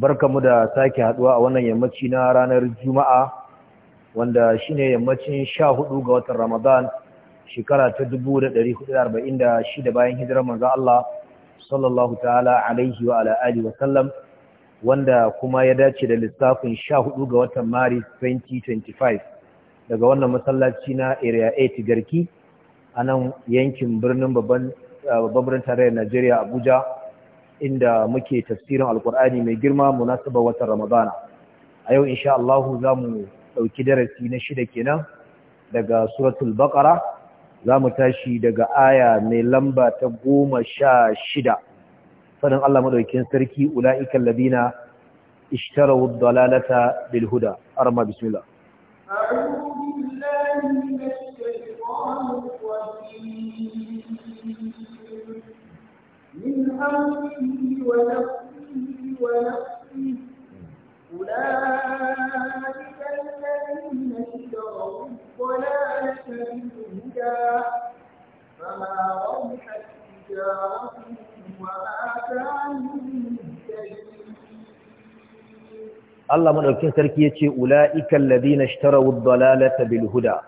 barkamu da sake haduwa a wannan yammaci na ranar juma'a wanda shine yammacin 14 ga watan ramadan shekara ta 1446 bayan hijirar manzo Allah sallallahu ta'ala alaihi wa ala alihi wa sallam wanda kuma ya dace da lissafin 14 ga watan maris 2025 daga wannan masallaci na area 8 garki a nan yankin birnin babban babban tarayyar Najeriya Abuja inda muke tafsirin alkur'ani mai girma munasaba watan ramadana a yau insha Allah za mu ɗauki darasi na shida kenan daga suratul baqara za mu tashi daga aya mai lamba ta goma sha shida sanin Allah maɗaukin sarki ula'ikan labina Ishtarau, الضلالة Bilhuda. Arma بسم الله أعوذ بالله من الشيطان من أمره ونفسه ونفسه أولئك الذين اشتروا الضلالة بالهدى فما ربحت تجارتهم وما كانوا Allah Maɗaukin sarki yace ula'ikan ladina ishtaraw ad-dalalata bil huda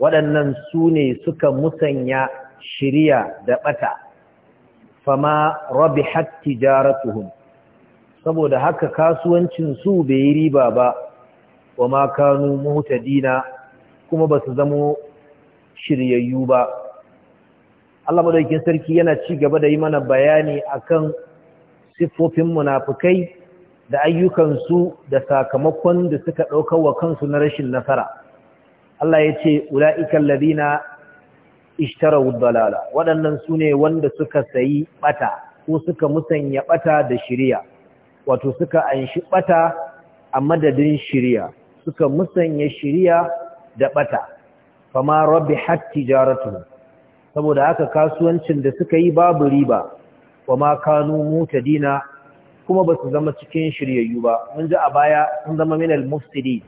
waɗannan sune suka musanya shiriya da ɓata. fama Rabi jara tuhun. saboda haka kasuwancin su bai yi riba ba wa ma kanu dina, kuma ba su zamo shiryayyu ba Allah madaukakin sarki yana ci gaba da yi mana bayani akan siffofin munafikai da ayyukansu da sakamakon da suka ɗaukar wa kansu na rashin nasara Allah ya ce ula'ikan ladina ishtarau dalala waɗannan su ne wanda suka sayi ɓata ko suka musanya bata da shiriya wato suka anshi ɓata a madadin shirya suka musanya shirya da bata rabbi rabihat tijaratu saboda haka kasuwancin da suka yi babu riba wa ma kanu mutadina kuma ba su zama cikin shiryayyu ba mun ji a baya sun zama minal mufsidi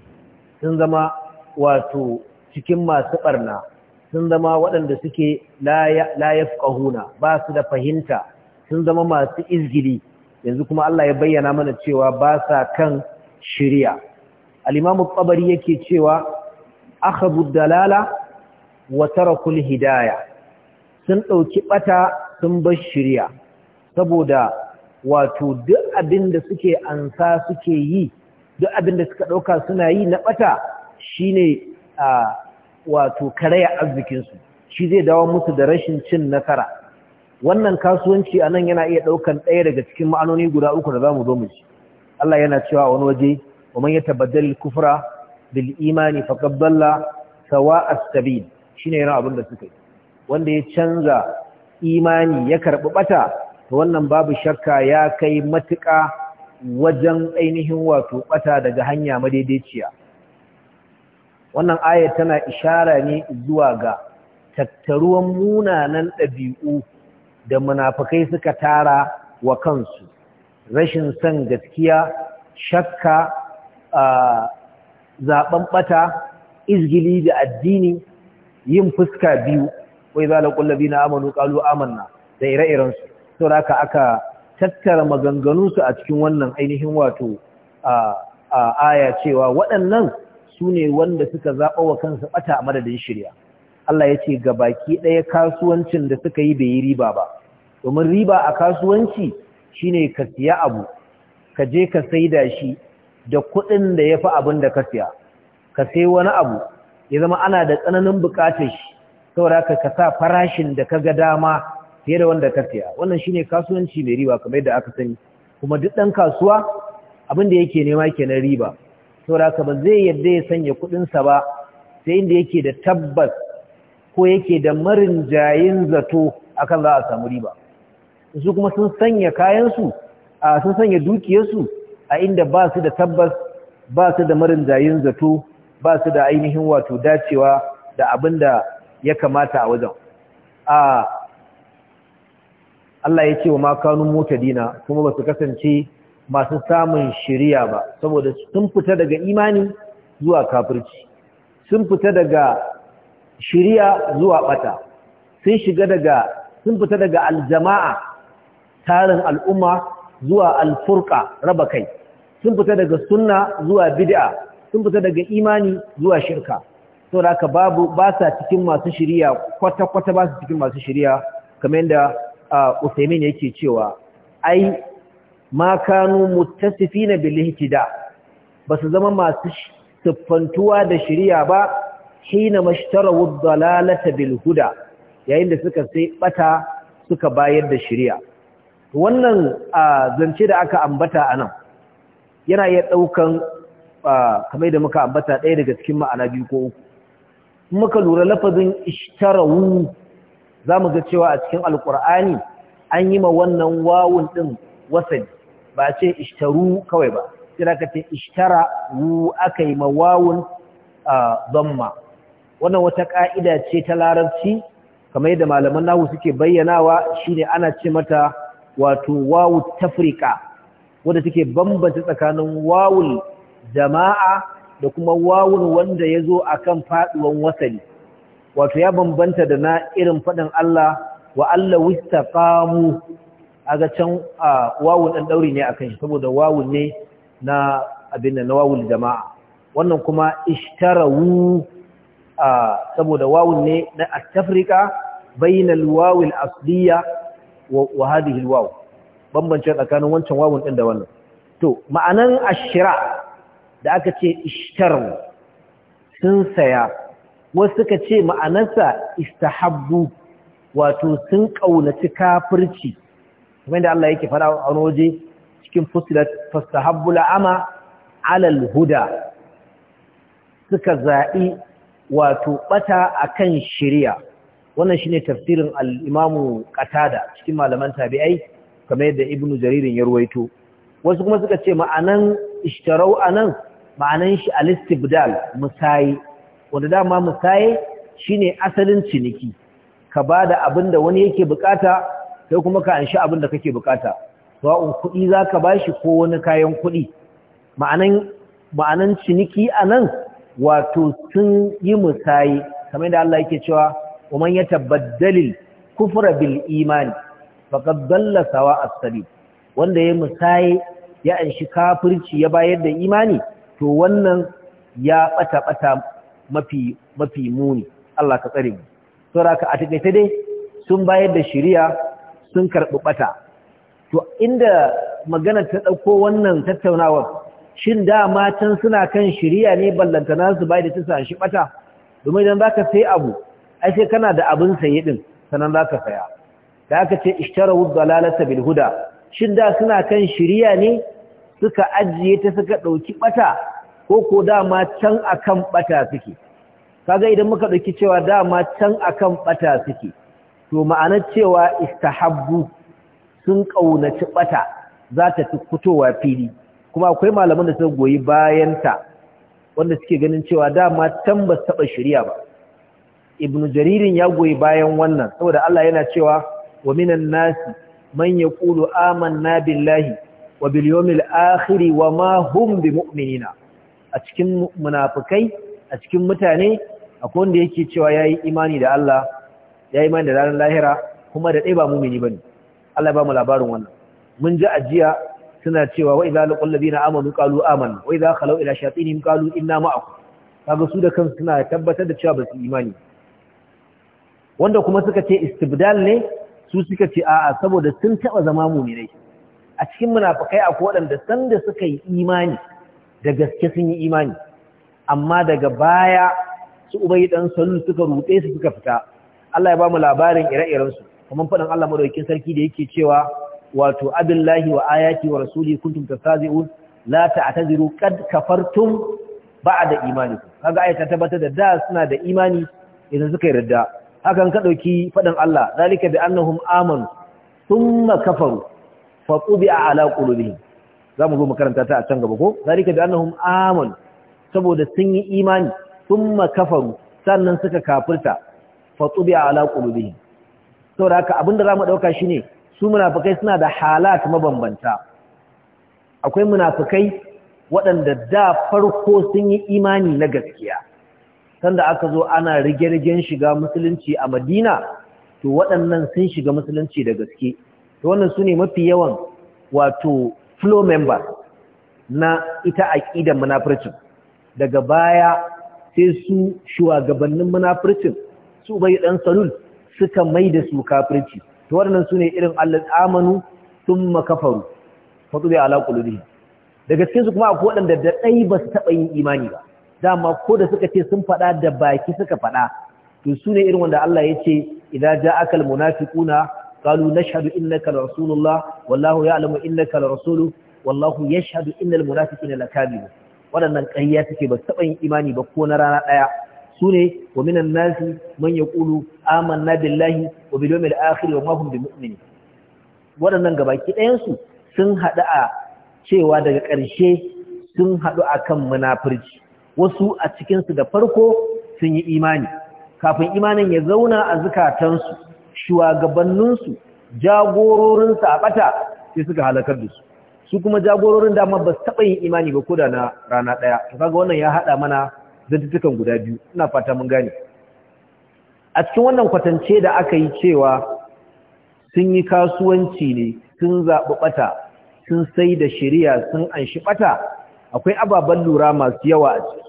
sun zama wato cikin masu ɓarna. sun zama waɗanda suke layaf ƙahuna ba su da fahimta sun zama masu izgili yanzu kuma Allah ya bayyana mana cewa ba sa kan shirya al'imamu ƙabari yake cewa aka dalala wa tarakul hidaya sun ɗauki ɓata sun bar shirya saboda wato duk abin da suke ansa suke yi duk abin da suka ɗauka suna yi na ɓata shine a ah, wato karaya arzikinsu shi zai dawo musu da rashin cin nasara wannan kasuwanci a nan yana iya ɗaukan ɗaya daga cikin ma'anoni guda uku da za mu zo mu ji Allah yana cewa wani waje wa man yatabaddal kufra bil imani faqad dalla sawa as-sabil shine yana abin da suka yi wanda ya canza imani ya karɓi ɓata to wannan babu shakka ya kai matuƙa wajen ainihin wato ɓata daga hanya madaidaiciya wannan ayar tana ishara ne zuwa ga tattaruwan munanan ɗabi'u da munafukai suka tara wa kansu rashin son gaskiya shakka zaben bata izgili da addini yin fuska biyu wai za laƙun labina amanu ƙalu amanna da ire-irensu sau da aka aka tattara maganganunsu a cikin wannan ainihin wato a aya cewa waɗannan su ne wanda suka zaɓa wa kansa ɓata a madadin shirya Allah ya ce ga baki ɗaya kasuwancin da suka yi bai yi riba ba domin riba a kasuwanci shine ka siya abu ka je ka saida shi da kuɗin da ya fi abin da ka siya ka sai wani abu ya zama ana da tsananin buƙatar shi saboda ka ka sa farashin da ka ga dama fiye da wanda ka siya wannan shi ne kasuwanci mai riba kamar yadda aka sani kuma duk ɗan kasuwa abin da yake nema kenan riba saboda ba zai yadda ya sanya kuɗinsa ba sai inda yake da tabbas ko yake da marin jayin zato akan za a samu riba su kuma sun sanya kayansu a sun sanya dukiyarsu a inda ba su da tabbas ba su da marin jayin zato ba su da ainihin wato dacewa da abin da ya kamata a wajen a Allah ya ce wa makanun mota dina kuma ba su kasance masu samun shiriya ba saboda sun fita daga imani zuwa kafirci sun fita daga shiriya zuwa bata sun shiga daga sun fita daga aljama'a tarin al'umma zuwa alfurqa raba kai sun fita daga sunna zuwa bid'a sun fita daga imani zuwa shirka saboda haka babu ba sa cikin masu shiriya kwata kwata ba su cikin masu shiriya kamar yadda ah, Usaimin yake cewa ai ma kanu muttasifina bil ihtida basu zama masu siffantuwa da shari'a ba hina mashtarawu dalalata bil huda yayin da suka sai bata suka bayar da shari'a wannan zance da aka ambata anan yana iya daukan kamar da muka ambata ɗaya daga cikin ma'ana biyu ko uku muka lura lafazin ishtarawu zamu ga cewa a cikin alqur'ani an yi ma wannan wawun din wasali ba ce ishtaru kawai ba sai aka ce ishtara wu aka yi mawawun zamma wannan wata ka'ida ce ta larabci kamar yadda malaman nahu suke bayyanawa shine ana ce mata wato wawu tafrika wanda take bambanta tsakanin wawul jama'a da kuma wawun wanda ya zo a kan faɗuwan wasali wato ya bambanta da na irin faɗin Allah wa Allah wistaqamu aga can wawun ɗan ɗauri ne kan shi saboda wawun ne na abin na wawun jama'a wannan kuma ishtarawu saboda wawun ne na tafrika bainal wawun asliya wa hadhihi wawun bambance tsakanin wancan wawun ɗin da wannan to ma'anan ashira da aka ce ishtarawu sun saya wasu suka ce ma'anarsa istahabbu wato sun ƙaunaci kafirci kuma inda Allah yake fara a waje cikin fusilat fastahabbul ama alal huda suka zaɓi wato bata akan shari'a wannan shine tafsirin al ƙatada Qatada cikin malaman tabi'ai kamar yadda Ibn Jaririn ya ruwaito wasu kuma suka ce ma'anan ishtarau anan ma'anan shi al-istibdal musayi wanda dama musayi shine asalin ciniki ka ba bada abinda wani yake bukata Sai kuma ka anshi abin da kake bukata sawa'un kuɗi za ka bashi ko wani kayan kuɗi ma'anan ciniki a nan wato sun yi musayi kamar da Allah yake cewa wa man yatabaddalil kufra bil imani faqad dalla sawa as wanda ya musayi ya anshi kafirci ya bayar da imani to wannan ya bata bata mafi muni Allah ka tsare mu saboda ka a take dai sun bayar da shari'a sun karɓi ɓata to inda magana ta ɗauko wannan tattaunawar shin da matan suna kan shirya ne ballantana su bai da ta sa shi ɓata domin idan za ka sai abu ai sai kana da abin saye ɗin sanan za ka saya da aka ce wuzga lalata bil huda shin da suna kan shirya ne suka ajiye ta suka ɗauki ɓata ko ko dama can akan ɓata suke kaga idan muka ɗauki cewa dama can akan ɓata suke to ma'anar cewa istahabbu sun ƙaunaci ɓata za ta fi fitowa fili kuma akwai malaman da suka goyi bayanta wanda suke ganin cewa dama tambas taɓa shirya ba ibnu jaririn ya goyi bayan wannan saboda Allah yana cewa wa minan nasi man yaqulu amanna billahi wa bil yawmil akhir wa ma hum mu'minina a cikin munafikai a cikin mutane akwai wanda yake cewa yayi imani da Allah ya yi imani da ranar lahira kuma da ɗaya ba mumini bane Allah ya ba mu labarin wannan mun ji ajiya suna cewa wa idza laqul ladina amanu qalu amanna wa idza khalu ila shayatinihim qalu inna ma'akum kaga su da kansu suna tabbatar da cewa ba su imani wanda kuma suka ce istibdal ne su suka ce a'a saboda sun taba zama muminai a cikin munafikai akwai waɗanda san da suka yi imani da gaske sun yi imani amma daga baya su ubai dan salu suka rute su suka fita Allah ya ba mu labarin ire-irensu kamar faɗin Allah maɗaukin sarki da yake cewa wato abillahi wa Ayaki wa rasuli kuntum tastazi'un la taziru qad kafartum ba'da imanikum kaga ayat ta tabbatar da da suna da imani idan suka yarda hakan ka ɗauki faɗin Allah zalika bi annahum amanu thumma kafaru fa qubi'a ala Za mu zo makaranta ta a can gaba ko zalika bi annahum amanu saboda sun yi imani thumma kafaru sannan suka kafirta fatubi ala sau saboda haka abinda ɗauka ɗauka shine su munafikai suna da halat mabambanta akwai munafikai waɗanda da farko sun yi imani na gaskiya sanda aka zo ana rige-rigen shiga musulunci a Madina to waɗannan sun shiga musulunci da gaske to wannan su ne mafi yawan wato flow member na ita ƙidan munafircin daga baya sai su shugabannin munafircin su bai dan salul suka mai da su kafirci to waɗannan su irin Allah amanu thumma kafaru fatubi ala qulubihim daga cikin su kuma akwai waɗanda da dai ba su taɓa yin imani ba dama ko da suka ce sun faɗa da baki suka faɗa to su irin wanda Allah ya ce idza ja'aka almunafiquna qalu nashhadu innaka rasulullah wallahu ya'lamu innaka rasuluhu wallahu yashhadu innal munafiqina lakadibun waɗannan ƙarya suke ba su taɓa yin imani ba ko na rana ɗaya sune wa minan nasi man yaqulu amanna billahi wa bil yawmil akhir wa ma hum bimu'minin waɗannan gabaki ɗayan sun haɗu a cewa daga ƙarshe sun haɗu a kan munafurci wasu a cikinsu da farko sun yi imani kafin imanin ya zauna a zukatansu shugabanninsu jagororinsu a ɓata sai suka halakar da su su kuma jagororin dama ba su taɓa yin imani ba ko da na rana ɗaya kaga wannan ya haɗa mana zantukan guda biyu ina fata mun gane a cikin wannan kwatance da aka yi cewa sun yi kasuwanci ne sun zaɓi ɓata sun sai da shirya sun anshi ɓata akwai ababen lura masu yawa a ciki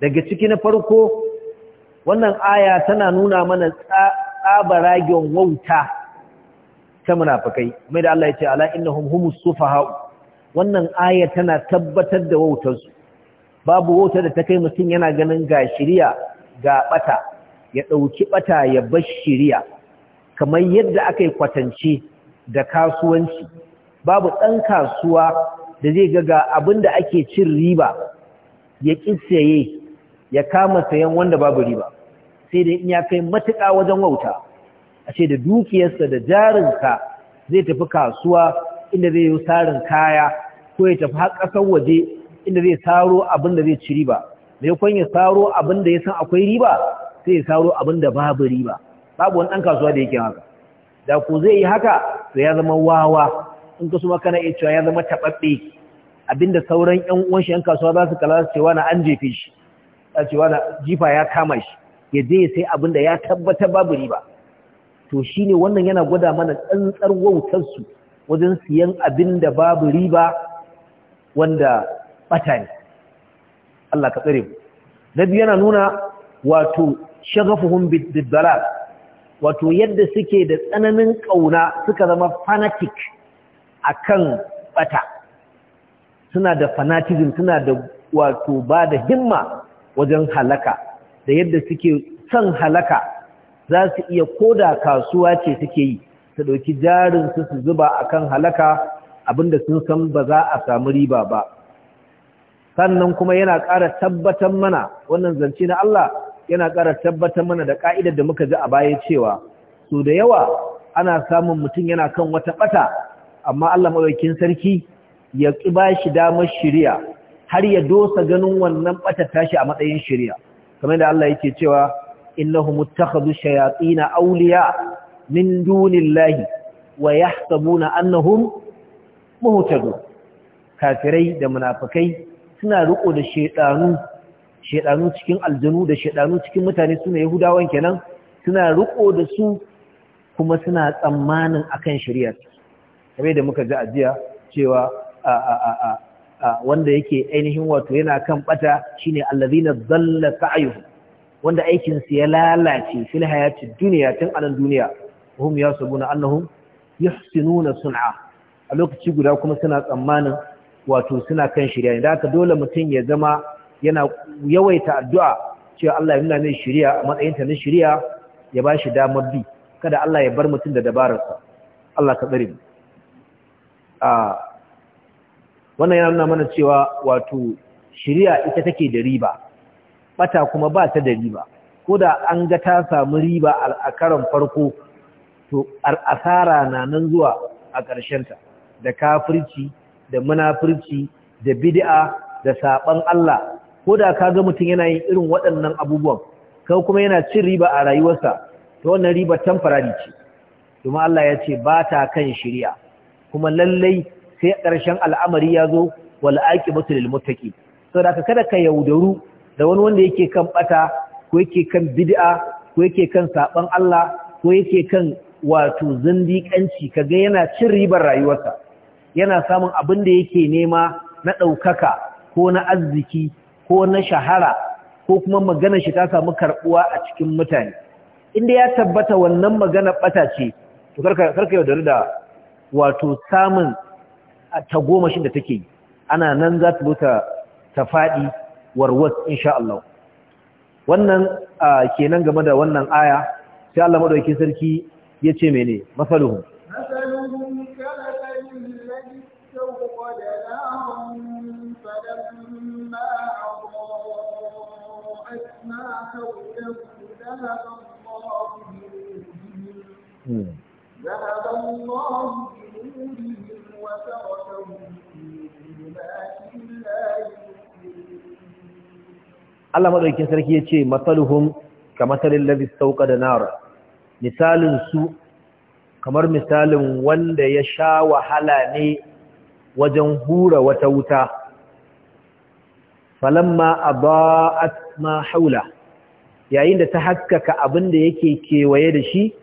daga ciki na farko wannan aya tana nuna mana tsabaragen wauta ta munafakai. mai da Allah ya ce ala innahum humus sufaha'u wannan aya tana tabbatar da wautarsu babu wauta da ta kai mutum yana ganin ga shirya ga bata ya dauki bata ya bar shirya kamar yadda aka yi kwatance da kasuwanci babu dan kasuwa da zai ga ga abinda ake cin riba ya kisaye ya kama sayan wanda babu riba sai dai in ya kai matuƙa wajen wauta a ce da dukiyarsa da jarinsa zai tafi kasuwa inda zai yi sarin kaya ko ya tafi har ƙasar waje inda zai saro abin da zai ci riba mai kwan ya saro abin da ya san akwai riba sai ya saro abin da babu riba babu wani ɗan kasuwa da yake haka da ku zai yi haka to ya zama wawa in ka suma kana iya cewa ya zama taɓaɓɓe abinda sauran ƴan uwan shi ƴan kasuwa za su kala su cewa na an jefe shi za cewa na jifa ya kama shi ya je ya sai abinda ya tabbatar babu riba to shine wannan yana gwada mana tsantsar wautar su wajen siyan abin da babu riba wanda bata ne Allah ka tsere na biyu yana nuna wato shagafuhun bidbalal wato yadda suke da tsananin ƙauna suka zama fanatic kan bata suna da fanatism suna da wato ba da himma wajen halaka da yadda suke son halaka za su iya da kasuwa ce suke yi su ɗauki jarinsu su zuba akan halaka abinda sun san ba za a samu riba ba sannan kuma yana ƙara tabbatar mana wannan zance na Allah yana ƙara tabbatar mana da ƙa'idar da muka ji a baya cewa su da yawa ana samun mutum yana kan wata ɓata amma Allah maɗaukin sarki ya ƙi ba shi damar shirya har ya dosa ganin wannan ɓata tashi a matsayin shirya kamar da Allah yake cewa innahu muttakhadhu shayatin awliya min dunillahi wa yahsabuna annahum muhtadun kafirai da munafikai suna riko da shedanu shedanu cikin aljanu da shedanu cikin mutane suna yahudawan kenan suna riko da su kuma suna tsammanin akan shari'a Kabe da muka ji a jiya cewa a a a a wanda yake ainihin wato yana kan bata shine allazina dhalla sa'yuhum wanda aikin su ya lalace fil hayati dunya tun anan duniya hum yasbuna annahum yahsinuna sun'a a lokaci guda kuma suna tsammanin wato suna kan shirya ne da dole mutum ya zama yana yawaita addu'a cewa Allah ya nuna min shirya a matsayinta na shirya ya ba shi damar bi kada Allah ya bar mutum da dabararsa Allah ka tsare mu wannan yana nuna mana cewa wato shirya ita take da riba bata kuma ba ta da riba ko da an ga ta samu riba a karon farko to asara na nan zuwa a ta da kafirci da munafurci da bid'a da saban Allah ko da kaga ga mutum yana yin irin waɗannan abubuwan kai kuma yana cin riba a rayuwarsa to wannan riba tamfarari ce kuma Allah ya ce ba ta kan shari'a kuma lallai sai ƙarshen al'amari ya zo wal aqibatu lil muttaqin saboda ka kada ka yaudaru da wani wanda yake kan bata ko yake kan bid'a ko yake kan saban Allah ko yake kan wato zindiƙanci kaga yana cin ribar rayuwarsa yana samun abin da yake nema na ɗaukaka ko na arziki ko na shahara ko kuma magana shi ta samu karɓuwa a cikin mutane inda ya tabbata wannan magana ɓata ce to karka yaudari da wato samun ta tagomashin da take yi ana nan za ta luta ta faɗi warwas insha Allah wannan kenan game da wannan aya sai Allah maɗauki sarki yace mene masaluhum Allah madaukakin sarki ya ce matsaluhum ka matsalin labis sauka da nara misalin su kamar misalin wanda ya sha wahala ne wajen hura wata wuta falamma aba'at ma haula yayin da ta haskaka abin da yake kewaye da shi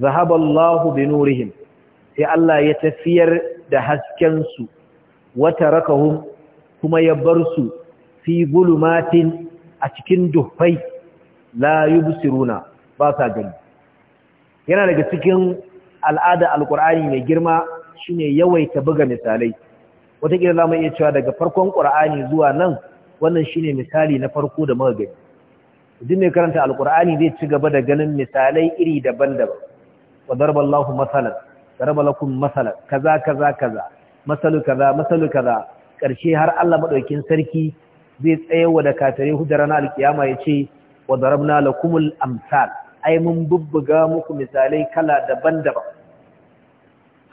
zahaballahu bi nurihim sai Allah ya tafiyar da hasken su wata rakahu, kuma ya bar su fi gulumatin a cikin duhfai la yubsiruna ba sa gani yana daga cikin al'ada alqur'ani mai girma shine yawaita buga misalai wata za zamu iya cewa daga farkon qur'ani zuwa nan wannan shine misali na farko da magani. duk mai karanta alkur'ani zai ci gaba da ganin misalai iri daban-daban wa darballahu masalan daraba masalan kaza kaza kaza masalu kaza masalu kaza karshe har Allah madaukakin sarki zai tsayawa da katare hudara na alkiyama yace wa darabna lakumul amsal ai mun bubbuga muku misalai kala daban-daban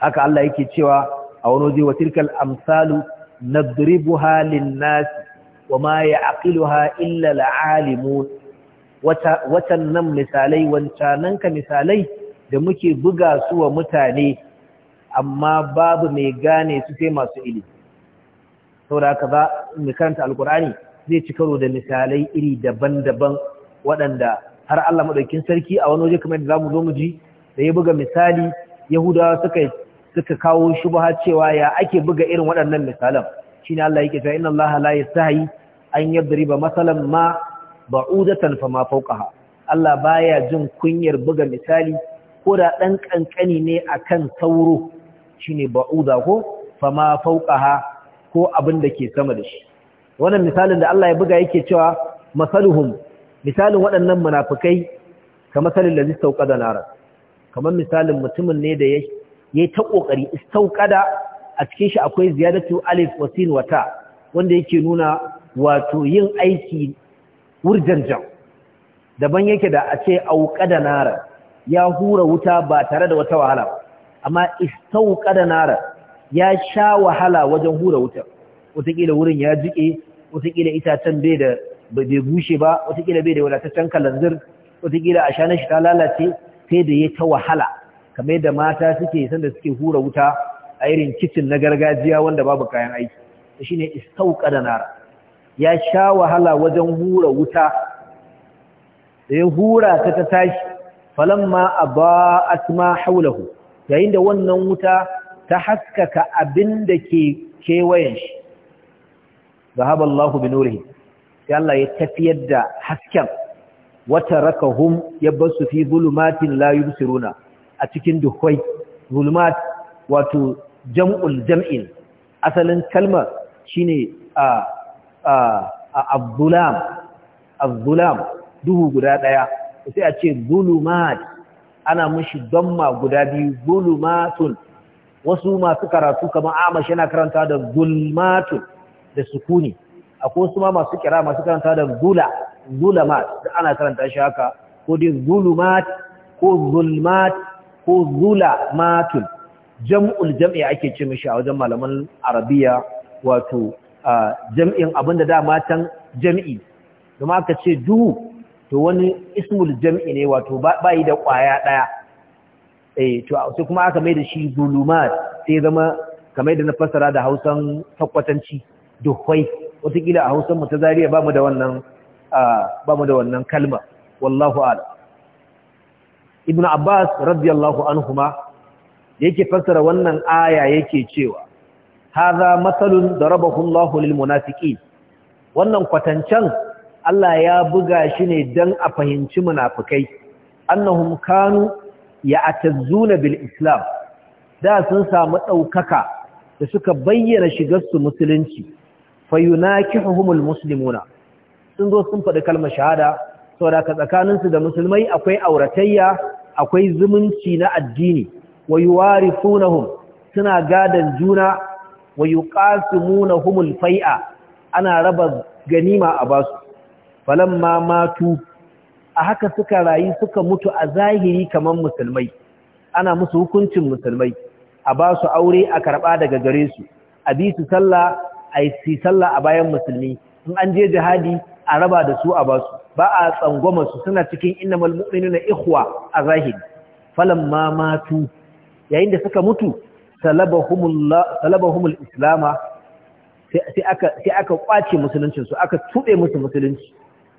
haka Allah yake cewa a wani waje wa tilkal amsalu nadribuha lin-nas wa ma ya'qiluha illa al-alimun watan nan misalai wancananka misalai da muke buga su wa mutane amma babu mai gane su sai masu ilimi saboda haka za mai karanta alkur'ani zai ci karo da misalai iri daban-daban waɗanda har Allah madaukin sarki a wani waje kamar da mu zo mu ji da ya buga misali yahudawa suka suka kawo ba cewa ya ake buga irin waɗannan misalan shine Allah yake cewa inna Allah la yastahi an yadriba masalan ma ba'udatan fa ma Allah baya jin kunyar buga misali ko da dan kankani ne akan sauro shine ba'uda ko fa ma ko abin da ke sama da shi wannan misalin da Allah ya buga yake cewa masaluhum misalin waɗannan munafikai kamar misalin lazi sauƙada nar kamar misalin mutumin ne da ya yi ta ƙoƙari istauƙada a cikin shi akwai ziyadatu alif wasin wata wanda yake nuna wato yin aiki wurjanjan daban yake da a ce auƙada nara ya hura wuta ba tare da wata wahala ba amma istauqada nara ya sha wahala wajen hura wuta wataƙila wurin ya jike wataƙila itacen bai da bai bushe ba wataƙila bai da wadataccen kalanzir wataƙila a shanar shi ta lalace sai da ya ta wahala kamar da mata suke sanda suke hura wuta a irin kicin na gargajiya wanda babu kayan aiki shi ne nara ya sha wahala wajen hura wuta da ya hura ta ta tashi falamma aba'at ma haulahu yayin da wannan wuta ta haskaka abin da ke kewayen shi Zahaballahu Allahu bi sai Allah ya tafiyar da hasken wata rakahum ya basu fi zulumatin la yubsiruna a cikin duhwai zulumat wato jam'ul jam'in asalin kalmar shine a A abdulam abdulam duhu guda daya sai a ce zulumat ana mushi damma guda biyu zulumatun wasu masu karatu kamar amash yana karanta da zulmatun da sukuni akwai wasu ma masu kira masu karanta da zula zulamat da ana karanta shi haka ko din zulumat ko zulmat ko zulamatun jam'ul jam'i ake ce mishi a wajen malaman arabiya wato jam'in abinda da matan jam'i kuma aka ce duhu to wani ismul jam'i ne wato bayi da kwaya ɗaya, eh to sai kuma aka mai da shi zulumat sai zama kamar da na fassara da Hausan takwatanci duhwai wataƙila a Hausan mu ta zariya ba mu da wannan kalma wallahu ala. ibnu abbas radiyallahu anhuma yake fassara wannan aya yake cewa haza matsalun da rabahullahu lil munafiki wannan kwatancan Allah ya buga shi ne dan a fahimci munafukai annahum kanu ya atazzuna bil islam da sun samu ɗaukaka da suka bayyana shigar su musulunci fayunakihuhumul muslimuna sun zo sun faɗi kalmar shahada saboda ka tsakaninsu da musulmai akwai auratayya akwai zumunci na addini wayuwarifunahum suna gadan juna wa yuqasimunahumul fai'a ana raba ganima a basu falamma matu a haka suka rayu suka mutu a zahiri kaman musulmai ana musu hukuncin musulmai a basu aure a karɓa daga gare su a bi su sallah a yi a bayan musulmi in an je jihadi a raba da su a basu ba a tsangwama su suna cikin innamal mu'minuna ikhwa a zahiri falamma matu yayin da suka mutu talabahumul islama sai aka sai aka kwace aka tuɓe musu musulunci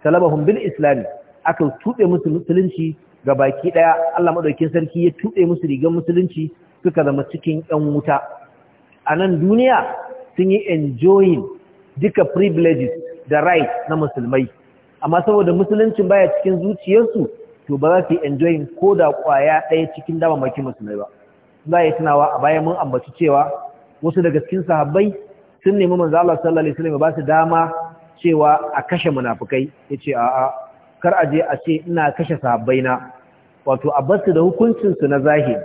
talabahum bil islami aka tube musu musulunci ga baki ɗaya. Allah maɗaukin sarki ya tube musu rigar musulunci suka zama cikin yan wuta a nan duniya sun yi enjoying duka privileges da right na musulmai amma saboda musuluncin baya cikin zuciyarsu to ba za su yi enjoying ko da ƙwaya ɗaya cikin damammakin musulmai ba za a yi tunawa a bayan mun ambaci cewa wasu daga cikin sahabbai sun nemi manzo Allah sallallahu alaihi wasallam ba su dama cewa a kashe munafikai yace a'a kar a je a ce ina kashe sahabbai na. wato a bar su da hukuncin su na zahiri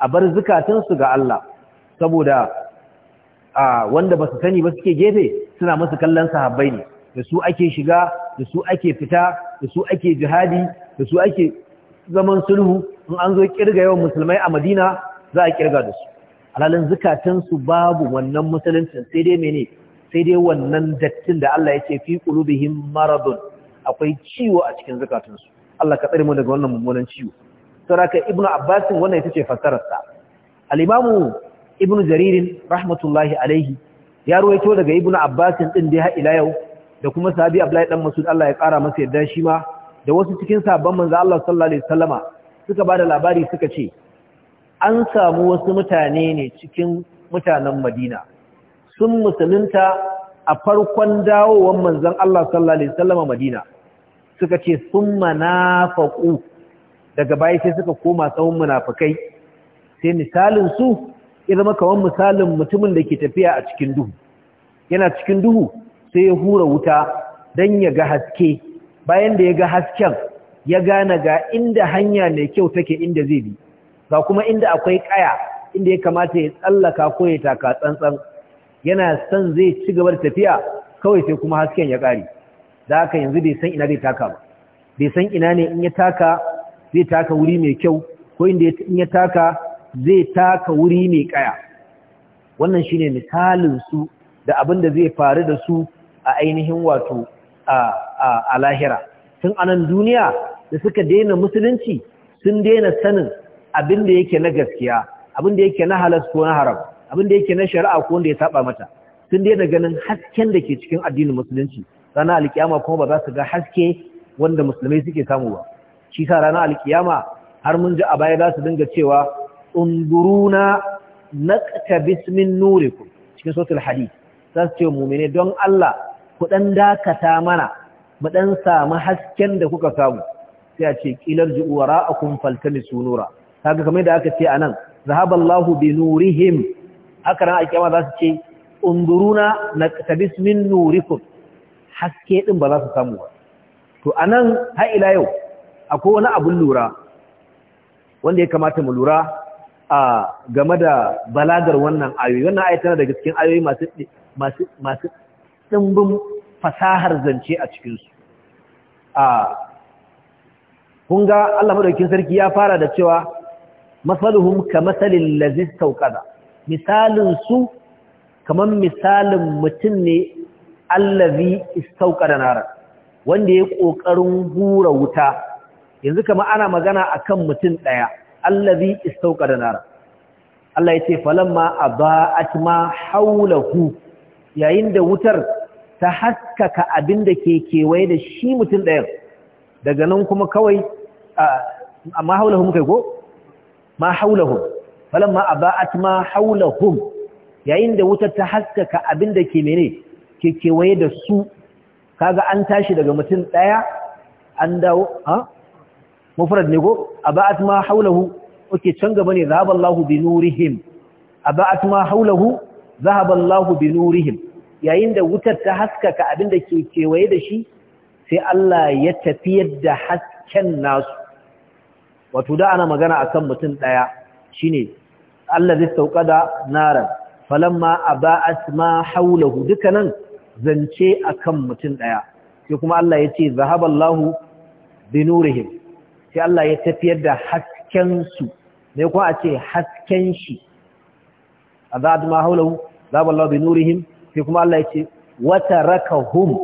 a bar zakatun su ga Allah saboda a wanda ba su sani ba suke gefe suna musu kallon sahabbai ne da su ake shiga da su ake fita da su ake jihadi da su ake zaman sulhu in an zo kirga yawan musulmai a Madina za a kirga da su Al'alin zukatansu babu wannan musulunci sai dai mene sai dai wannan dattin da Allah ya ce fi qulubihim maradun akwai ciwo a cikin zukatansu Allah ka tsare mu daga wannan mummunan ciwo saraka ibnu abbas wannan ita ce fassarar sa al ibnu jarir rahmatullahi alaihi ya ruwaito daga ibnu abbas din da har ila yau da kuma sahabi abdullahi dan masud Allah ya kara masa yarda shi ma da wasu cikin sabon manzo Allah sallallahu alaihi wasallama suka bada labari suka ce an samu wasu mutane ne cikin mutanen madina sun musulunta a farkon dawowar manzon Allah sallallahu Alaihi wasallam madina suka ce sun manafaku daga baya sai suka koma tsawon munafakai sai misalin su ya zama kamar misalin mutumin da ke tafiya a cikin duhu yana cikin duhu sai ya hura wuta dan ya ga haske bayan da ya ga hasken ya gane ga inda hanya mai kyau take inda zai bi ga kuma inda akwai kaya inda ya kamata ya tsallaka ko ya taka tsantsan yana son zai ci gaba da tafiya kawai sai kuma hasken ya kare da haka yanzu bai san ina zai taka ba bai san ina ne in ya taka zai taka wuri mai kyau ko inda in ya taka zai taka wuri mai kaya wannan shine misalin su da abin da zai faru da su a ainihin wato a lahira tun anan duniya da suka daina musulunci sun daina sanin abin da yake na gaskiya abin da yake na halas ko na haram abin da yake na shari'a ko wanda ya saba mata sun daina ganin hasken da ke cikin addinin musulunci ranar alkiyama kuma ba za su ga haske wanda musulmai suke samu ba shi sa ranar alkiyama har mun ji a baya za su dinga cewa unduruna naqta bismin nurikum cikin suratul hadid za su ce mu'mine don Allah ku dan dakata mana mu dan samu hasken da kuka samu sai a ce qilar ju'u wara'akum faltamisu nura kaga kamar da aka ce anan zahaballahu bi nurihim haka ran alkiyama za su ce unduruna na tabis min nurikum haske din ba za su samu ba to anan har ila yau akwai wani abun lura wanda ya kamata mu lura a game da balagar wannan ayoyi wannan ayoyi tana daga cikin ayoyi masu masu fasahar zance a cikinsu a kun Allah madaukakin sarki ya fara da cewa masaluhum ka masalin lazis sauƙaza misalin su kamar misalin mutum ne allazi istauƙada nara wanda ya ƙoƙarin hura wuta yanzu kama ana magana akan mutum ɗaya allazi istauƙada nara Allah ya ce falamma aba'at ma haulahu yayin da wutar ta haskaka abin da ke kewaye da shi mutum ɗayan daga nan kuma kawai amma haulahu muka ko ma haulahum falamma aba'at ma haulahum yayin da wutar ta haskaka abin da ke mene ke kewaye da su kaga an tashi daga mutum daya an dawo ha mufrad ne go, aba'at ma haulahu oke can gaba ne zahaballahu Allahu bi nurihim aba'at ma haulahu zahaba Allahu bi nurihim yayin da wutar ta haskaka abin da ke kewaye da shi sai Allah ya tafiyar da hasken nasu wato da ana magana akan mutum daya shine allazi sauqada naran falamma aba ma hawlahu dukanan zance akan mutum daya sai kuma Allah ya ce zahaballahu binurihim sai Allah ya tafiyar da hasken su ne kuma a ce hasken shi azad ma hawlahu zahaballahu binurihim sai kuma Allah ya ce watarakahum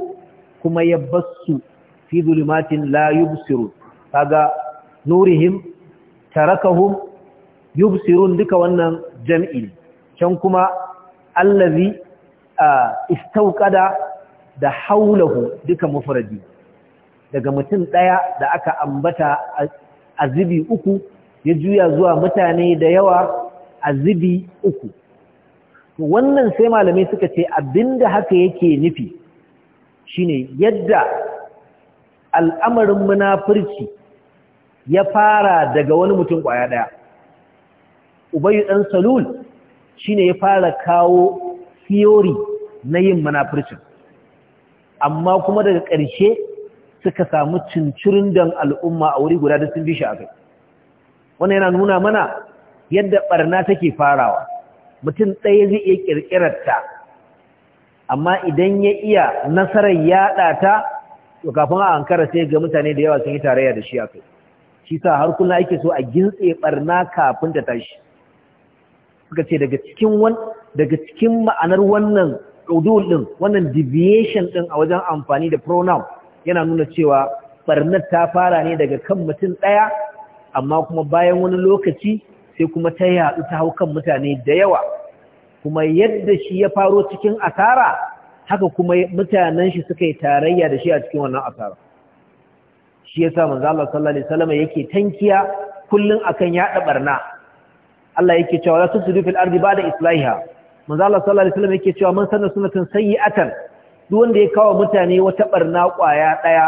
kuma ya basu fi zulumatin la yubsirun kaga nurihim tarakahum yubsirun duka wannan jam'i can kuma allazi istauqada da haulahu duka mufradi daga mutum daya da aka ambata azibi uku ya juya zuwa mutane da yawa azibi uku wannan sai malamai suka ce abinda haka yake nufi shine yadda al'amarin munafurci ya fara daga wani mutum kwaya daya ubayu ɗan salul shine ya fara kawo fiyori na yin manafircin. amma kuma daga ƙarshe suka samu cincirin dan al'umma a wuri guda da sun fi shi kai. Wani yana nuna mana yadda ɓarna take farawa mutum ɗaya zai iya ƙirƙirarta. amma idan ya iya nasarar yaɗa ta to kafin a ankara sai ga mutane da yawa sun yi tarayya da shi a kai. shi sa har kuna ake so a gintse barna kafin ta tashi suka ce daga cikin wan daga cikin ma'anar wannan udul din wannan deviation din a wajen amfani da pronoun yana nuna cewa barnar ta fara ne daga kan mutum daya amma kuma bayan wani lokaci sai kuma ta yaɗu ta hau kan mutane da yawa kuma yadda shi ya faro cikin asara haka kuma mutanen shi suka yi tarayya da shi a cikin wannan asara shi sa manzo Allah sallallahu alaihi wasallam yake tankiya kullun akan yada barna Allah yake cewa la tusidu fil ardi ba'da islahiha manzo Allah sallallahu alaihi wasallam yake cewa man sanna sunnatan sayyi'atan duk wanda ya kawo mutane wata barna kwaya daya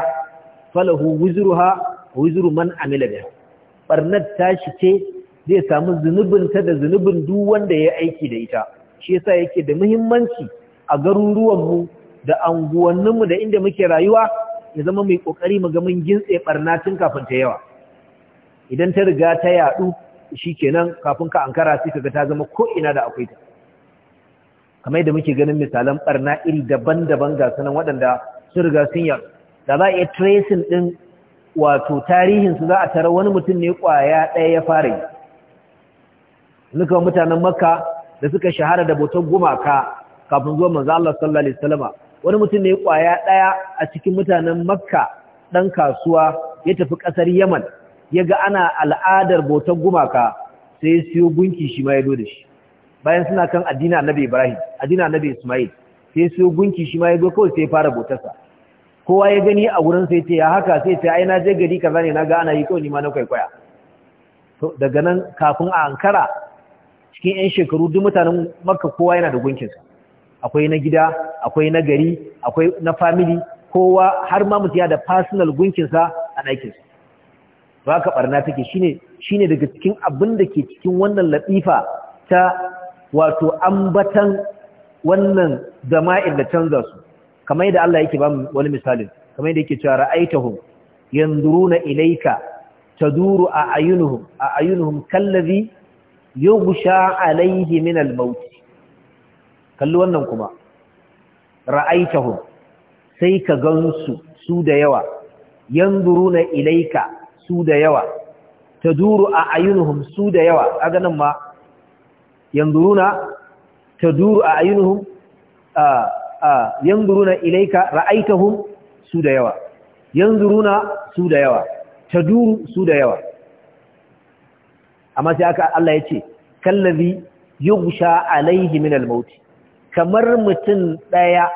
falahu wizruha wizru man amila biha barnar tashi ce zai samu zunubin ta da zunubin duk wanda ya aiki da ita shi yasa yake da muhimmanci a garuruwan mu da anguwanninmu da inda muke rayuwa ya zama mai kokari mu ga mun gintse barna tun kafin ta yawa idan ta riga ta yadu shikenan kafin ka ankara sai kaga ta zama ko ina da akwai ta kamar yadda muke ganin misalan barna iri daban-daban ga sanan waɗanda sun riga sun yadu da za a iya tracing ɗin wato tarihin su za a tara wani mutum ne kwaya ɗaya ya fara yi nuka mutanen makka da suka shahara da bautar gumaka kafin zuwa manzo Allah sallallahu alaihi wani mutum ne kwaya ɗaya a cikin mutanen makka ɗan kasuwa ya tafi ƙasar yaman ya ga ana al'adar botar gumaka sai ya siyo gunki shi ma ya zo da shi bayan suna kan addini annabi ibrahim addini annabi ismail sai siyo gunki shi ma ya zo kawai sai ya fara botarsa kowa ya gani a wurin sai ce ya haka sai ce ai na je gari kaza ne na ga ana yi kawai ni ma na kwaikwaya to daga nan kafin a ankara cikin 'yan shekaru duk mutanen makka kowa yana da gunkinsa akwai na gida akwai na gari akwai na famili, kowa har ma mutum ya da personal gunkinsa a ɗakinsa ba ka ɓarna take shine shine daga cikin abin da ke cikin wannan latifa ta wato ambatan wannan jama'in da canza su kamar yadda Allah yake ba mu wani misalin kamar yadda yake cewa ra'aitahum yanzuruna ilayka taduru a ayunuhum a ayunuhum kallazi yughsha alayhi min al-maut kalli wannan kuma ra'aitahum sai ka gansu su da yawa yanzuruna ilaika su da yawa taduru a ayunuhum su da yawa kaga nan ma yanzuruna taduru a ayunuhum a a yanzuruna ilaika ra'aitahum su da yawa yanzuruna su da yawa taduru su da yawa amma sai aka Allah ya ce kallazi yughsha alaihi min al-maut kamar mutum ɗaya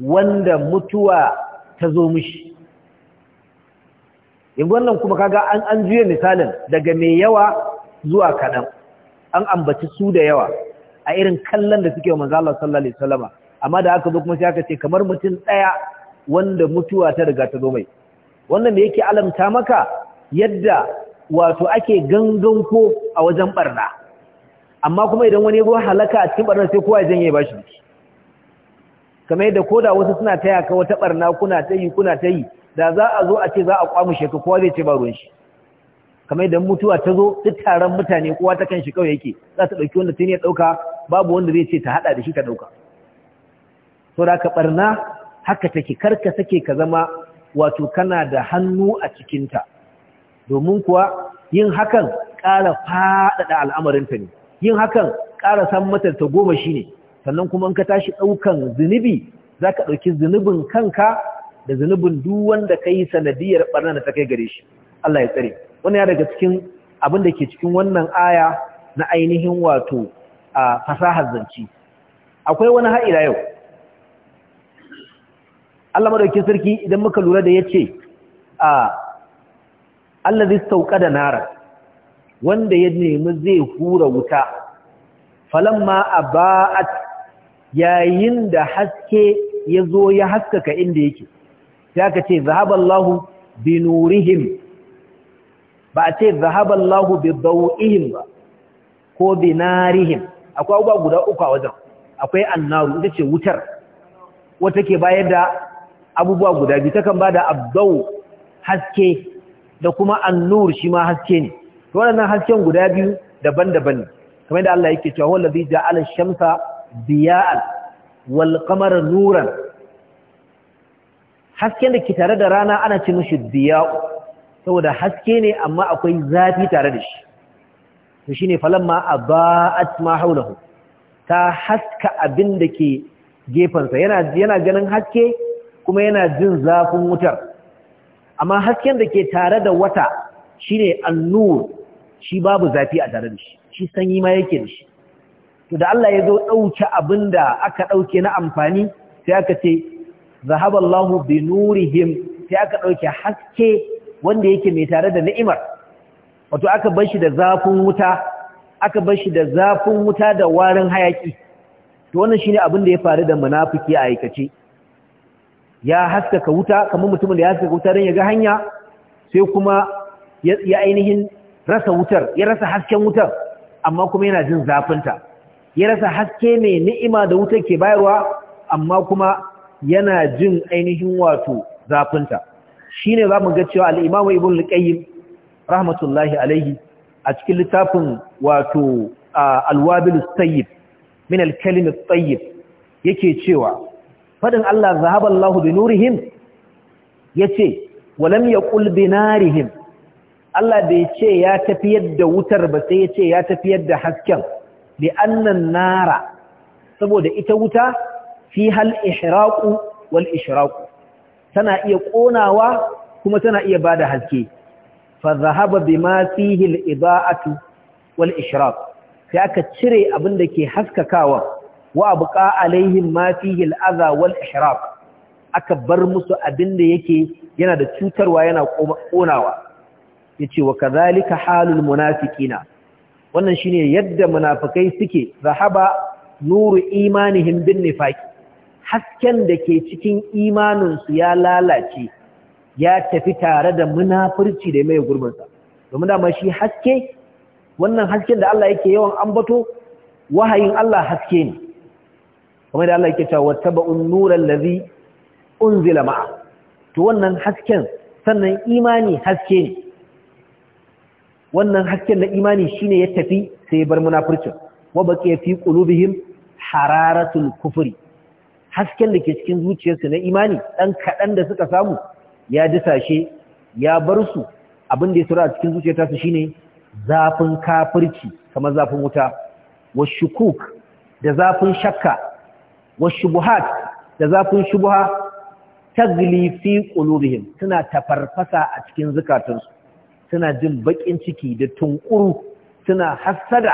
wanda mutuwa ta zo mishi in wannan kuma kaga an an juya misalin daga mai yawa zuwa kaɗan an ambaci su da yawa a irin kallon da suke wa manzo sallallahu alaihi amma da aka zo kuma sai aka ce kamar mutum ɗaya wanda mutuwa ta riga ta zo mai wannan da yake alamta maka yadda wato ake gangan ko a wajen ɓarna? amma kuma idan wani ruwa halaka a cikin barna sai kowa janye ba shi kamar yadda koda wasu suna taya ka wata barna kuna ta yi kuna ta yi da za a zo a ce za a kwamu shekaru, kowa zai ce ba ruwan shi kamar yadda mutuwa ta zo duk taron mutane kowa ta kan shi kawai yake za ta ɗauki wanda tuni ya ɗauka babu wanda zai ce ta haɗa da shi ta ɗauka to da ka barna haka take kar ka sake ka zama wato kana da hannu a cikinta domin kuwa yin hakan ƙara faɗaɗa al'amarinta ne yin hakan ƙara samun mata ta goma shi ne sannan kuma in ka tashi ɗaukan zunubi za ka ɗauki zunubin kanka da zunubin duwan da ka yi sanadiyar ɓarnar da ta kai gare shi Allah ya tsare wannan ya daga cikin abin da ke cikin wannan aya na ainihin wato a fasahar zance akwai wani ha'ila yau Allah madaukin sarki idan muka lura da yace Allah allazi sauka da nara wanda ya nemi zai hura wuta falamma aba'at yayin da haske ya zo ya haskaka inda yake sai aka ce zahaballahu bi nurihim ba a ce zahaballahu bi dawihim ba ko bi narihim akwai abubuwa guda uku a wajen akwai annaru ita ce wutar wata ke bayar da abubuwa guda biyu takan ba da abdau haske da kuma annur shi ma haske ne to hasken guda biyu daban-daban ne kamar da Allah yake cewa wallazi ja'ala shamsa diya'an wal qamara nuran hasken da ke tare da rana ana ce mishi diya'u saboda haske ne amma akwai zafi tare da shi to shine falamma aba'at ma hawlahu ta haska abin da ke sa yana yana ganin haske kuma yana jin zafin wutar amma hasken da ke tare da wata shine an-nur shi babu zafi a tare da shi shi sanyi ma yake da shi to da Allah ya zo ɗauke abin da aka ɗauke na amfani sai aka ce zahaballahu bi nurihim sai aka ɗauke haske wanda yake mai tare da ni'imar wato aka bar shi da zafin wuta aka bar shi da zafin wuta da warin hayaki to wannan shine abin da ya faru da munafiki a aikace ya haskaka wuta kamar mutumin da ya haskaka wuta don ya ga hanya sai kuma ya ainihin rasa wutar ya rasa hasken wutar amma kuma yana jin zafinta ya rasa haske mai ni'ima da wutar ke bayarwa amma kuma yana jin ainihin wato zafinta shine za mu ga cewa al-Imam Ibn al rahmatullahi alaihi a cikin littafin wato Alwabilus wabil tayyib min al-kalim yake cewa Faɗin Allah zahaballahu bi nurihim yace walam ya bi narihim Allah bai ce ya tafiyar da wutar ba sai ya ce ya tafiyar da hasken bi annan nara saboda ita wuta fi hal ihraqu wal ishraqu tana iya ƙonawa kuma tana iya bada haske fa zahaba bima fihi al wal ishraq sai aka cire abin da ke haskakawa wa abqa alaihim ma fihi al wal ishraq aka bar musu abin da yake yana da cutarwa yana ƙonawa. ce wa kazalika halul munafikina, wannan shine yadda munafikai suke zahaba nuru imanihim bin nifaqi hasken da ke cikin imanin su ya lalace ya tafi tare da munafurci da mai gurbinsa sa domin dama shi haske wannan hasken da Allah yake yawan ambato wahayin Allah haske ne kamar da Allah yake cewa wattaba'un nural ladhi unzila ma'a to wannan hasken sannan imani haske ne wannan hasken na imani shine ya tafi sai bar munafurcin wa baqiya fi qulubihim hararatul kufri hasken da ke cikin zuciyarsu na imani dan kadan da suka samu ya disashe ya bar su abin da ya tura cikin zuciyarta su shine zafin kafirci kamar zafin wuta wa shukuk da zafin shakka wa shubuhat da zafin shubuha tagli fi qulubihim suna tafarfasa a cikin zukatansu suna jin baƙin ciki da tunkuru suna hassada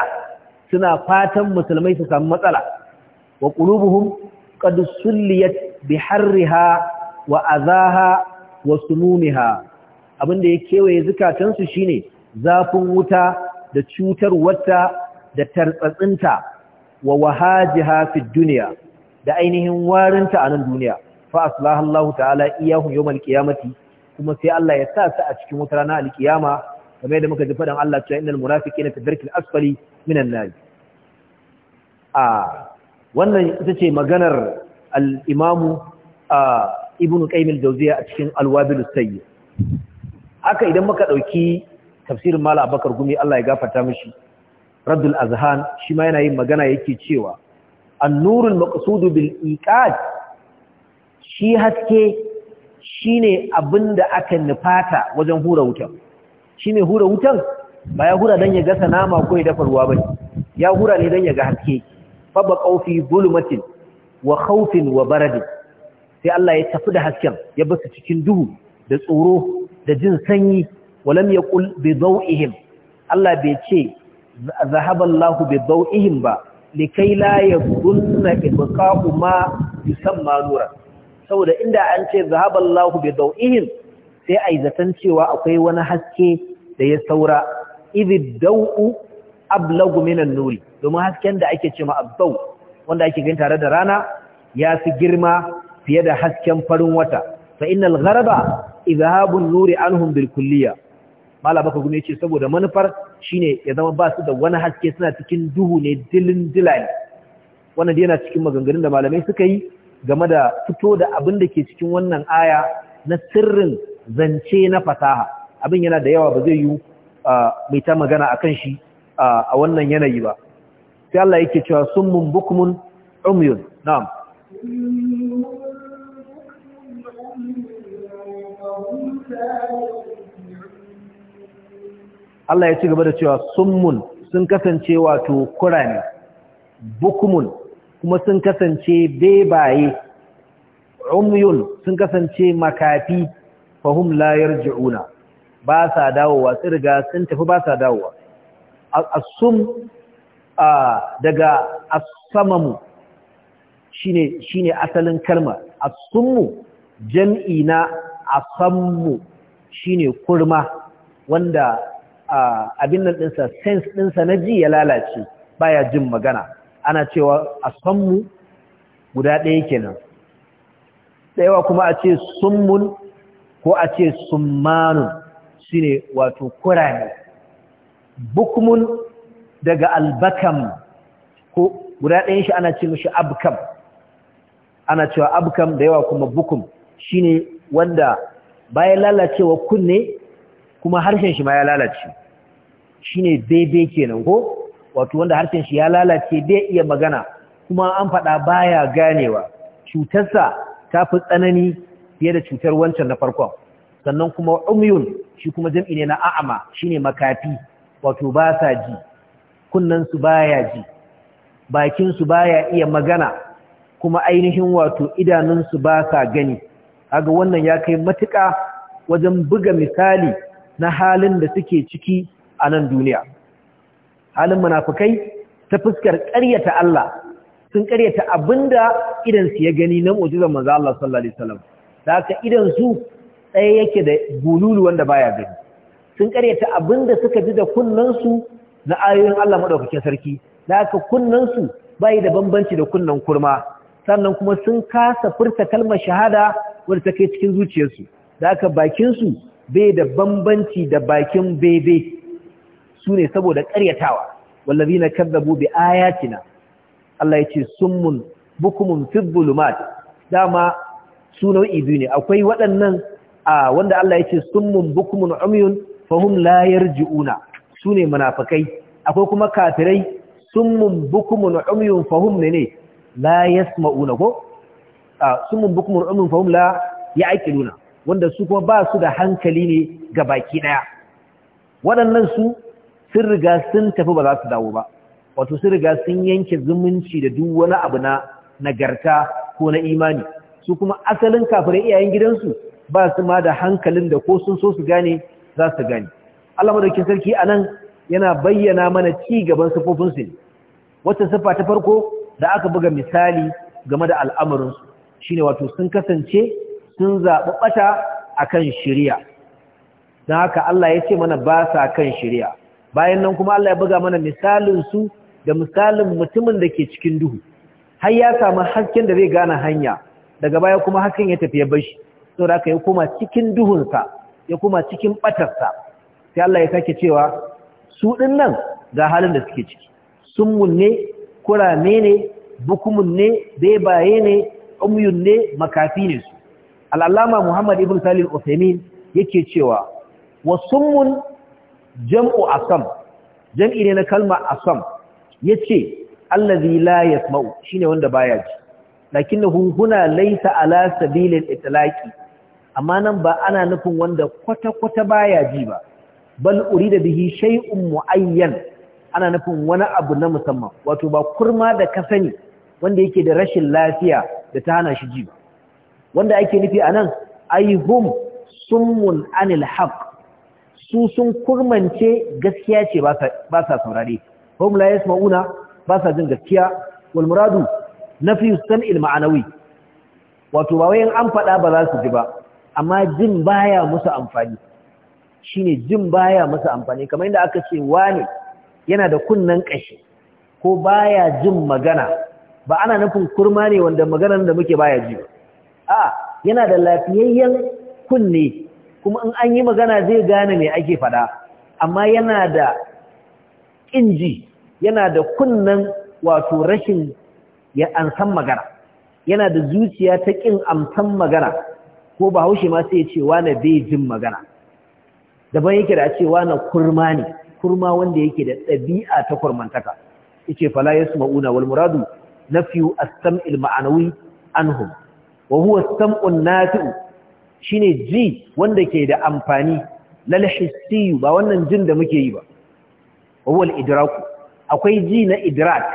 suna fatan musulmai su samu matsala wa qulubuhum qad sulliyat bi harriha wa azaha wa sunumiha abinda ya kewaye zukatan su shine zafin wuta da cutar wata da tartsatsinta wa wahajiha fi dunya da ainihin warinta a nan duniya fa aslaha Allah ta'ala Iyahu yawmal qiyamati kuma sai Allah ya sa su a cikin wata rana alkiyama kamar yadda muka ji fadan Allah cewa innal munafiqina na dharkil asfali minan nar a wannan ita ce maganar al-imam ibn qayyim al-jawziya a cikin al-wabil sayyi haka idan muka dauki tafsirin mala abakar gumi Allah ya gafarta mishi Radul azhan shi ma yana yin magana yake cewa an-nurul maqsudu bil iqad shi haske shine abin da aka nufata wajen hura wutan shine hura wutan ba ya hura don ya gasa nama ko ya dafa ruwa ba ya hura ne don ya ga haske ba ƙaufi bulmatin, wa haufin wa baradi sai Allah ya tafi da hasken ya basu cikin duhu da tsoro da jin sanyi walam ya ƙul bi zau'ihim Allah bai ce zahaballahu bi zau'ihim ba likai la ya gunna ibqa'u ma yusamma nuran saboda inda an ce zahaballahu bi daw'ihim sai ai zaton cewa akwai wani haske da ya saura idid dau'u ablagu minan nuri domin hasken da ake cewa abdaw wanda ake gani tare da rana ya fi girma fiye da hasken farin wata fa innal gharaba idhabun nuri anhum bil kulliya mala baka gume yace saboda manufar shine ya zama ba su da wani haske suna cikin duhu ne dilin dilali wannan yana cikin maganganun da malamai suka yi game da fito da abin da ke cikin wannan aya na sirrin zance na fasaha abin yana da yawa ba zai yi mai ta magana a kan shi a wannan yanayi ba sai Allah yake cewa summun bukumin umyun na'am Allah ya ci gaba da cewa summun sun kasance wato kurani, bukmun kuma sun kasance bebaye umyun sun kasance makafi fahum la yarji'una ba sa dawowa sun riga sun tafi ba sa dawowa asum daga asamamu shine shine asalin kalma asummu jam'i na asammu shine kurma wanda abin nan dinsa sense dinsa na ji ya lalace baya jin magana ana cewa a sammu guda ɗaya kenan ɗayawa kuma a ce summun ko a ce summanun shine wato ne, bukmun daga albakam ko guda ɗayan shi ana ce mashi abkam ana cewa abkam da yawa kuma bukum shine wanda bayan lalacewa kunne kuma harshen shi ma ya lalace shine bebe kenan ko wato wanda harshen shi ya lalace bai iya magana kuma an faɗa baya ganewa cutarsa ta fi tsanani fiye da cutar wancan na farkon sannan kuma umyun shi kuma jam'i ne na a'ama shine makafi wato ba sa ji kunnan su baya ji bakin su baya iya magana kuma ainihin wato idanun su ba sa gani kaga wannan ya kai matuƙa wajen buga misali na halin da suke ciki a nan duniya halin munafukai ta fuskar ƙaryata Allah sun ƙaryata abinda idan su ya gani na mu'jizar manzo Allah sallallahu alaihi wasallam da haka idan su tsaye yake da bululu wanda baya gani sun ƙaryata abinda suka ji da kunnan su na ayoyin Allah madaukakin sarki da haka kunnan su bai da bambanci da kunnan kurma sannan kuma sun kasa furta kalmar shahada wanda ta kai cikin zuciyarsu da haka bakin su bai da bambanci da bakin bebe Su ne saboda ƙaryatawa wallazina kadzabu bi ayatina Allah ya ce summun bukumun fi dhulumat dama su nau'i biyu ne akwai waɗannan wanda Allah ya mun summun bukumun umyun fahum la yarji'una ne munafikai akwai kuma kafirai summun bukumun umyun fahum ne la yasma'una ko summun bukumun umyun fahum la ya'qiluna wanda su kuma ba su da hankali ne ga baki daya waɗannan su sun riga sun tafi ba za su dawo ba wato sun riga sun yanke zumunci da duk wani abu na nagarta ko na imani su kuma asalin kafirai iyayen gidansu ba su ma da hankalin da ko sun so su gane za su gane Allah sarki anan yana bayyana mana ci gaban sifofin su wata sifa ta farko da aka buga misali game da al'amarin su shine wato sun kasance sun zabi bata akan shari'a dan haka Allah ya ce mana ba sa kan shari'a bayan nan kuma Allah ya buga mana misalin su da misalin mutumin da ke cikin duhu har ya samu hasken da zai gane hanya daga baya kuma hasken ya tafi ya bashi saboda haka ya koma cikin duhunsa ya kuma cikin batarsa sai Allah ya sake cewa su din nan ga halin da suke ciki mun ne kurame ne bukumun ne bebaye ne umyun ne makafi ne su al'allama muhammad ibn salil usaimin yake cewa wa summun jam'u asam jam'i ne na kalma asam yace allazi la yasma'u shine wanda baya ji lakinnahu huna laisa ala sabilil itlaqi amma nan ba ana nufin wanda kwata kwata baya ji ba bal da bihi shay'un muayyan ana nufin wani abu na musamman wato ba kurma da ka sani wanda yake da rashin lafiya da ta hana shi ji ba wanda ake nufi anan ai hum summun anil haqq su sun kurmance gaskiya ce ba sa saurare hum la una ba sa jin gaskiya wal muradu nafi sam'il ma'anawi wato ba wayan an faɗa ba za su ji ba amma jin baya musu amfani Shi ne jin baya musu amfani kamar yadda aka ce wani yana da kunnan ƙashi ko baya jin magana ba ana nufin kurma ne wanda maganar da muke baya ji ba a yana da lafiyayyen kunne kuma in an yi magana zai gane me ake faɗa amma yana da inji yana da kunnen, wato rashin ya ansan magana yana da zuciya ta ƙin amsan magana ko ba bahaushe ma sai ce wane bai jin magana daban yake da ce wane kurma ne kurma wanda yake da ɗabi'a ta kurmantaka yake fala ma'una, wal muradu nafyu a samil ma'anawi anhum wa huwa sam'un nafiu shine ji wanda ke da amfani lalhissi ba wannan jin da muke yi ba wal idraku akwai ji na idrak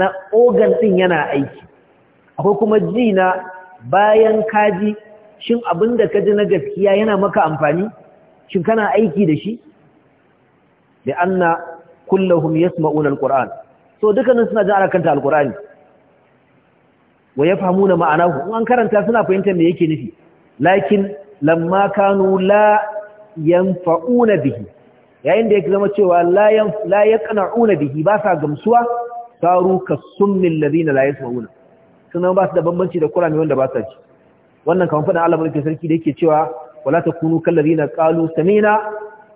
na organ din yana aiki akwai kuma ji na bayan kaji shin abinda kaji na gaskiya yana maka amfani shin kana aiki da shi da anna kullahum yasma'una alquran so dukkanin suna jin alakanta alqurani wa yafhamuna ma'anahu in an karanta suna fahimtar me yake nufi lakin lamma kanu la yanfa'una bihi yayin da yake zama cewa la yaqna'una bihi ba sa gamsuwa saru kasummin ladina la yasma'una sunan ba su da bambanci da kurame wanda ba sa ci wannan kamar fadan Allah mulki sarki da yake cewa wala takunu kal ladina qalu sami'na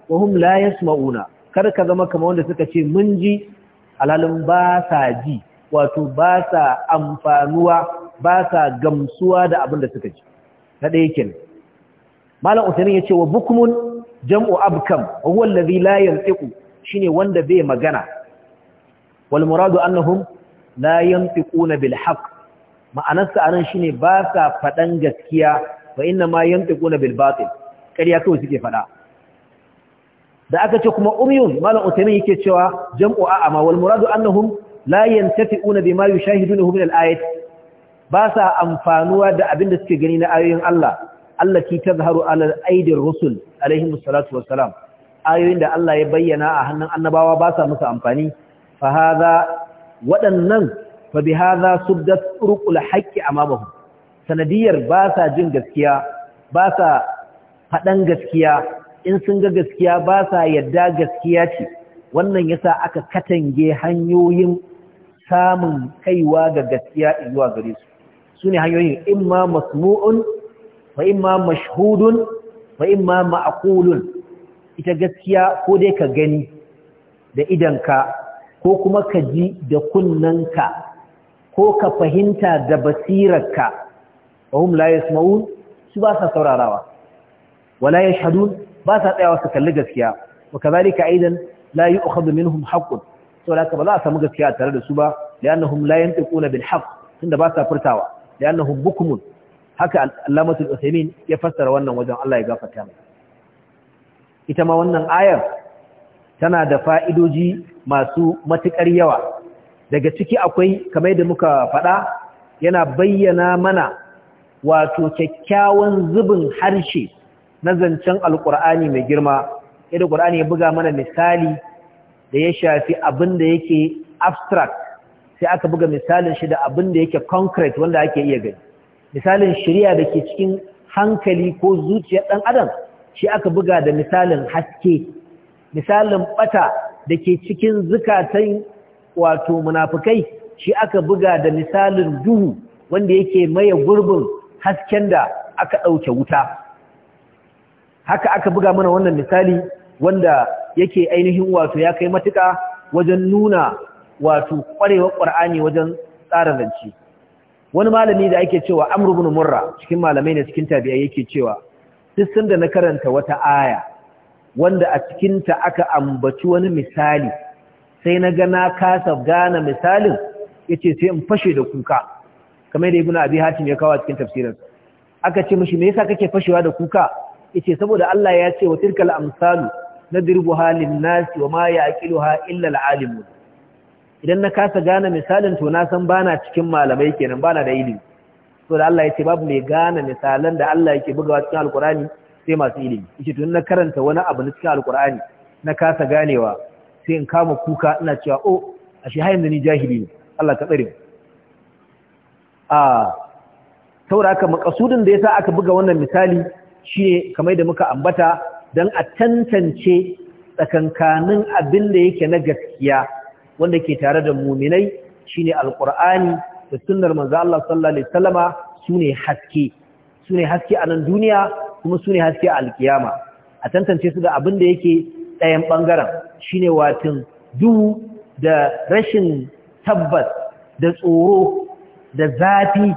wa hum la yasma'una kar ka zama kamar wanda suka ce mun ji alalun ba sa ji wato ba sa amfanuwa ba sa gamsuwa da abin da suka ji na ɗaya kenan malam ya ce wa bukmun jam'u abkam huwa layan la shi ne wanda bai magana walmuradu muradu annahum la yantiquna bil haqq ma'anarsa anan shine ba sa faɗan gaskiya fa inna ma yantiquna bil bilbatin, ƙarya kawai suke faɗa, da aka ce kuma umyun malam utaymin yake cewa jam'u a'ama layan muradu annahum la yantafi'una na yushahidunahu min al ayat ba sa amfanuwa da abin da suke gani na ayoyin Allah Allah ta zaharu ala aidin rusul alaihi wassalatu wassalam ayoyin da Allah ya bayyana a hannun annabawa ba sa musu amfani fa haza waɗannan fa bi hadha suddat urqul haqqi sanadiyar ba sa jin gaskiya ba sa faɗan gaskiya in sun ga gaskiya ba sa yadda gaskiya ce wannan yasa aka katange hanyoyin samun kaiwa ga gaskiya zuwa gare su su ne hanyoyin imma masmu'un wa imma mashhudun wa imma ma'akulun ita gaskiya ko dai ka gani da idanka ko kuma ka ji da kunnanka ko ka fahimta da basirarka wa hum la yasma'un su ba sa saurarawa wala yashhadun ba sa tsayawa su kalli gaskiya wa kazalika aidan la yu'khadhu minhum haqqun saboda ka ba za a samu gaskiya tare da su ba yanahum la yantiquna bil haqq tunda ba sa furtawa da annahu bukmun haka allamatul usaimin ya fassara wannan wajen Allah ya gafarta mai ita ma wannan ayar tana da fa'idoji masu matuƙar yawa daga ciki akwai kamar da muka faɗa yana bayyana mana wato kyakkyawan zubin harshe na zancen Alƙur'ani mai girma yadda ƙur'ani ya buga mana misali da ya shafi abin da yake abstract sai aka buga misalin shi da abin da yake concrete wanda ake iya gani misalin shari'a da ke cikin hankali ko zuciyar ɗan adam shi aka buga da misalin haske misalin bata da ke cikin zukatan wato munafukai shi aka buga da misalin duhu wanda yake maye gurbin hasken da aka ɗauke wuta haka aka buga mana wannan misali wanda yake ainihin wato ya kai matuƙa wajen nuna wato ƙwarewar ƙur'ani wajen tsara zance wani malami da ake cewa amr bin murra cikin malamai ne cikin tabi'ai yake cewa duk sanda na karanta wata aya wanda a cikin ta aka ambaci wani misali sai na ga na kasa gane misalin yace sai in fashe da kuka kamar da ibn abi hatim ya kawo cikin tafsirin aka ce mishi me yasa kake fashewa da kuka yace saboda Allah ya ce wa tilkal amsalu nadribuha lin nasi wa ma yaqiluha illa al alimun idan na kasa gane misalin to na san bana cikin malamai kenan bana da ilimi to da Allah ya babu mai gane misalan da Allah yake bugawa cikin alkurani sai masu ilimi yace to na karanta wani abu na cikin alkurani na kasa ganewa sai in kama kuka ina cewa oh ashe har yanzu ni jahili ne Allah ka tsare a saboda haka makasudin da yasa aka buga wannan misali shine kamar da muka ambata dan a tantance tsakankanin abin da yake na gaskiya wanda ke tare da muminai shine Alƙur'ani da sunnar manzo Allah sallallahu alaihi wasallama sune haske sune haske a nan duniya kuma sune haske a alkiyama a tantance su da abin da yake ɗayan ɓangaren shine watin duhu da rashin tabbas da tsoro da zafi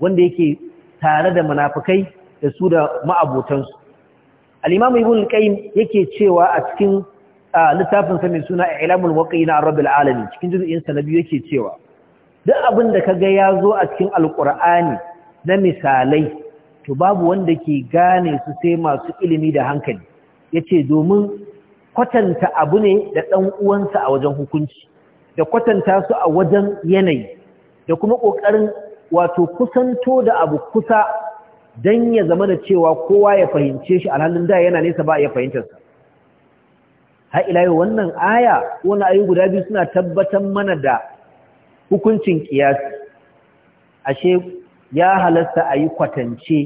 wanda yake tare da munafukai da su da ma'abotansu al-imam ibn al-qayyim yake cewa a cikin A littafin sa mai suna ilamul waqi na rabbil alamin cikin juz'in sa na yake cewa duk abin da kaga ya zo a cikin alqur'ani na misalai to babu wanda ke gane su sai masu ilimi da hankali yace domin kwatanta abu ne da dan uwansa a wajen hukunci da kwatanta su a wajen yanayi da kuma kokarin wato kusanto da abu kusa dan ya zama da cewa kowa ya fahimce shi alhalin da yana nesa ba ya fahimtarsa har ila yau wannan aya wani ayu guda biyu suna tabbatar mana da hukuncin kiyasi ashe ya halasta yi kwatance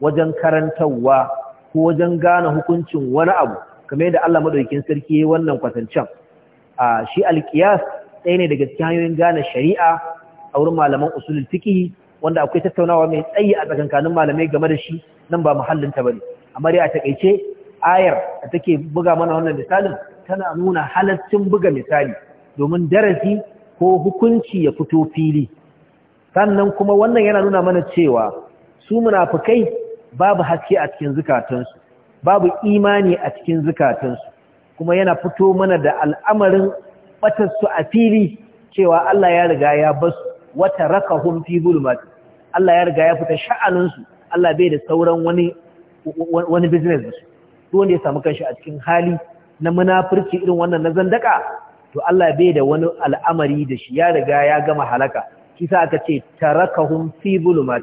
wajen karantarwa ko wajen gane hukuncin wani abu kamar yadda Allah madaukakin sarki yayin wannan kwatancen a shi alqiyas ɗaya ne daga cikin hanyoyin gane shari'a a wurin malaman usulul fiqh wanda akwai tattaunawa mai tsayi a tsakankanin malamai game da shi nan ba muhallin ta bane amma dai a takeice ayar da take buga mana wannan misalin tana nuna halaccin buga misali domin darasi ko hukunci ya fito fili sannan kuma wannan yana nuna mana cewa su munafukai babu haske a cikin zukatansu babu imani a cikin zukatansu kuma yana fito mana da al'amarin batarsu a fili cewa Allah ya riga ya basu wata rakahum fi zulmat Allah ya riga ya fita sha'aninsu Allah bai da sauran wani wani business duk wanda ya samu kanshi a cikin hali na munafurci irin wannan na zandaka to Allah bai da wani al'amari da shi ya riga ya gama halaka shi sa aka ce tarakahum fi zulumat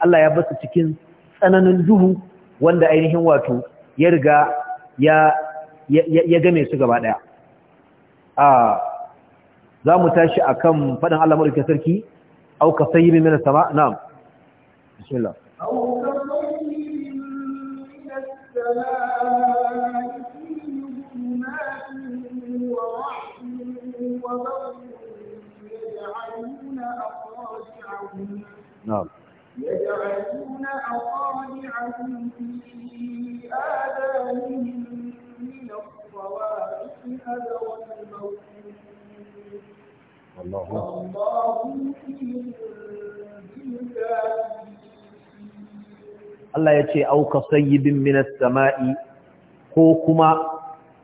Allah ya basu cikin tsananin duhu wanda ainihin wato ya riga ya ya game su gaba daya a za mu tashi akan faɗin Allah mulkin sarki auka sayyibi min sama na'am bismillah نعم يجعلون في آذانهم من الصواعق الموت الله Allah ya ce auka sayyibin minas sama'i ko kuma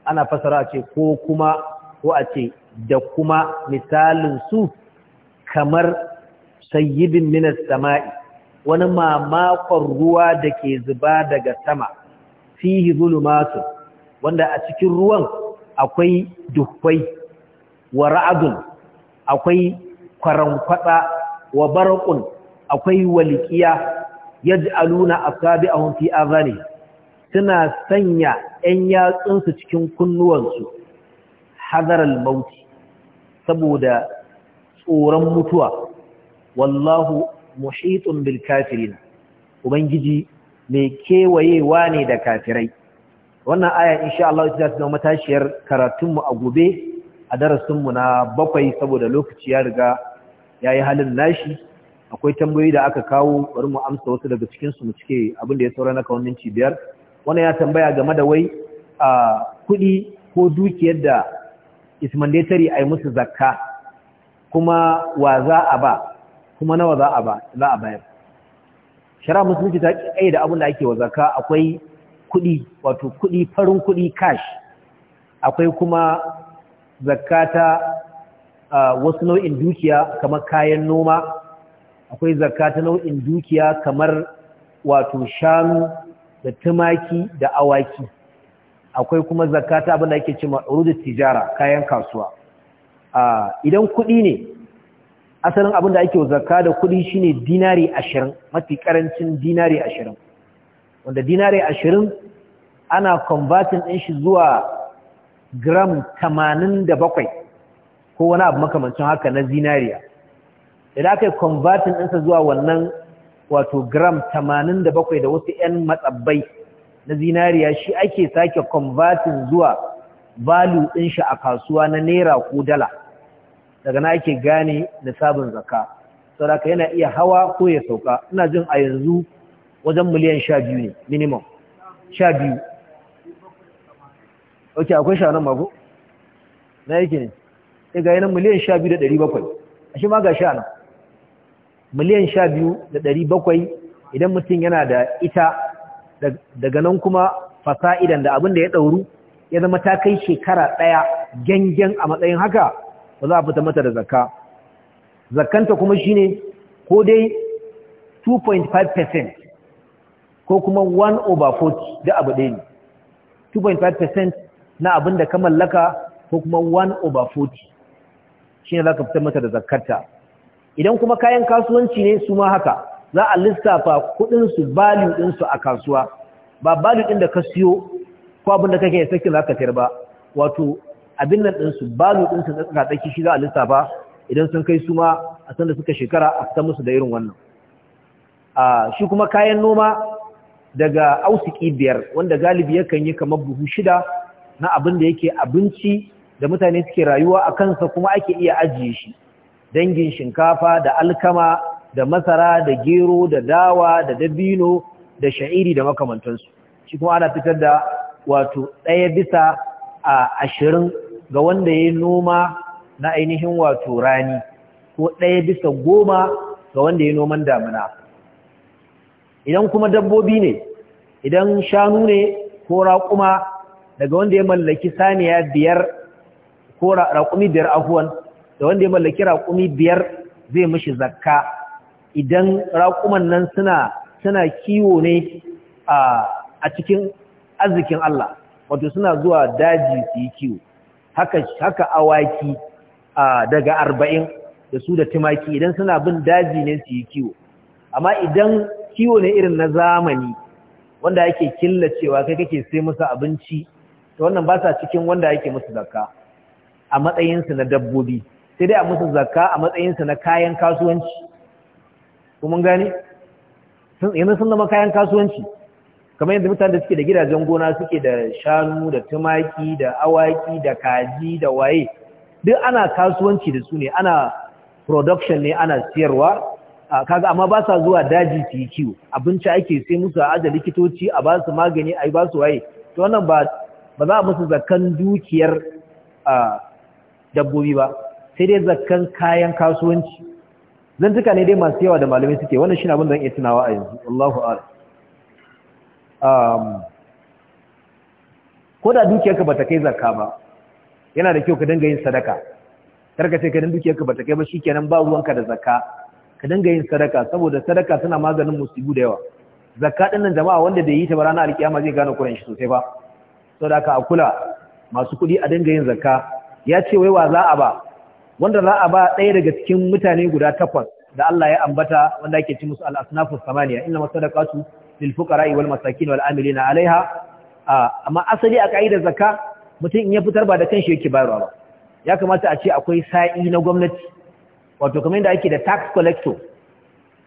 ana fasara ce ko kuma ko a ce da kuma misalin su kamar sayyidin minas sama'i wani mamakon ruwa da ke zuba daga sama fihi zulumatu wanda a cikin ruwan akwai dukwai wa ra'adun akwai kwarankwata wa barakun akwai walqiya yaj'aluna asabi'ahum fi azani suna sanya 'yan yatsunsu cikin kunnuwansu hadaral mauti saboda tsoron mutuwa wallahu muhitun bil kafirin ubangiji mai kewayewa ne da kafirai wannan aya insha Allah za ta zama matashiyar karatun mu a gobe a darasin mu na bakwai saboda lokaci ya riga yayi halin nashi akwai tambayoyi da aka kawo bari mu amsa wasu daga cikin su mu cike abin da ya saura na kawon minti biyar wannan ya tambaya game da wai a kuɗi ko dukiyar da is mandatory a musu zakka kuma wa za a ba kuma nawa za a ba za a bayar shara musulunci ta kai da abin da ake wa zakka, akwai kuɗi wato kuɗi farin kuɗi cash akwai kuma ta wasu nau'in dukiya kamar kayan noma akwai ta nau'in dukiya kamar wato shanu da tumaki da awaki akwai kuma zakata abin da ake cewa da tijara kayan kasuwa idan kuɗi ne asalin abin da ake zakka da kuɗi shine dinari ashirin mafi ƙarancin dinari ashirin wanda dinari ashirin ana convertin din shi zuwa gram tamanin da bakwai ko wani abu makamancin haka na zinariya idan aka yi convertin ɗinsa zuwa wannan wato gram tamanin da bakwai da wasu 'yan matsabbai na zinariya shi ake sake convertin zuwa value ɗin shi a kasuwa na naira ko dala daga na ake gane nisabin zakka saboda yana iya hawa ko ya sauka ina jin a yanzu wajen miliyan sha biyu ne minimum sha biyu ok akwai sha nan mako na yake ne sai ga yana miliyan sha biyu da ɗari bakwai a shi ma ga sha nan miliyan sha biyu da ɗari bakwai idan mutum yana da ita daga nan kuma fasa'idan da abin da ya ɗauru ya zama ta kai shekara ɗaya gangan a matsayin haka ba za a fita mata da zakka zakkanta kuma shine ko dai 2.5% ko kuma 1 over 40 da abu ɗaya ne 2.5% na abin da ka mallaka ko kuma 1 over 40 shine za ka fita mata da zakkarta idan kuma kayan kasuwanci ne su ma haka za a lissafa kuɗinsu balu ɗinsu a kasuwa ba balu ɗin da ka siyo ko abin da kake sakin za ka ba wato abin nan ɗinsu balu ɗinsu na tsaki shi za a lissafa idan sun kai su ma a san da suka shekara a fitan musu da irin wannan shi kuma kayan noma daga ausiki biyar wanda galibi yakan yi kamar buhu shida na abin da yake abinci da mutane suke rayuwa a kansa kuma ake iya ajiye shi dangin shinkafa da alkama da masara da gero da dawa da dabino da sha'iri da makamantansu shi kuma ana fitar da wato ɗaya bisa a ashirin ga wanda ya noma na ainihin wato rani ko ɗaya bisa goma ga wanda ya noman damina idan kuma dabbobi ne idan shanu ne ko raƙuma daga wanda ya mallaki saniya biyar ko raƙumi biyar ahuwan da wanda ya mallaki raƙumi biyar zai mashi zakka idan raƙuman nan suna suna kiwo ne a cikin arzikin Allah wato suna zuwa daji su yi kiwo haka haka awaki daga arba'in da su da tumaki idan suna bin daji ne su yi kiwo amma idan kiwo ne irin na zamani wanda yake killacewa kai kake sai musu abinci to wannan ba sa cikin wanda yake musu zakka a matsayinsu na dabbobi sai dai a musu zakka a matsayinsu na kayan kasuwanci kuma gani yanzu sun zama kayan kasuwanci kamar yadda mutane da suke da gidajen gona suke da shanu da tumaki da awaki da kaji da waye duk ana kasuwanci da su ne ana production ne ana siyarwa kaga amma ba sa zuwa daji su yi kiwo abinci ake sai musu a aje likitoci a ba su magani a yi ba su waye to wannan ba za a musu zakan dukiyar dabbobi ba sai dai zakan kayan kasuwanci zantuka ne dai masu yawa da malamai suke wannan shi abin da zan iya tunawa a yanzu Allahu a'lam Um, ko da dukiyarka bata kai zakka ba yana da kyau ka dinga yin sadaka karka ce ka dinga dukiyarka bata kai ba shikenan ba ruwanka da zakka ka dinga yin sadaka saboda sadaka tana maganin musibu da yawa zakka ɗin nan jama'a wanda bai yi ta ba ranar alkiyama zai gane kuran shi sosai ba saboda ka akula masu kuɗi a danga yin zakka ya ce wai wa za a ba wanda za a ba ɗaya daga cikin mutane guda takwas da Allah ya ambata wanda ake ci musu al-asnafus samaniya inna masadaqatu lil fuqara wal masakin wal amilina alaiha amma asali a kaidar zakka mutum in ya fitar ba da kanshi yake bayarwa ba ya kamata a ce akwai sa'i na gwamnati wato kamar yadda ake da tax collector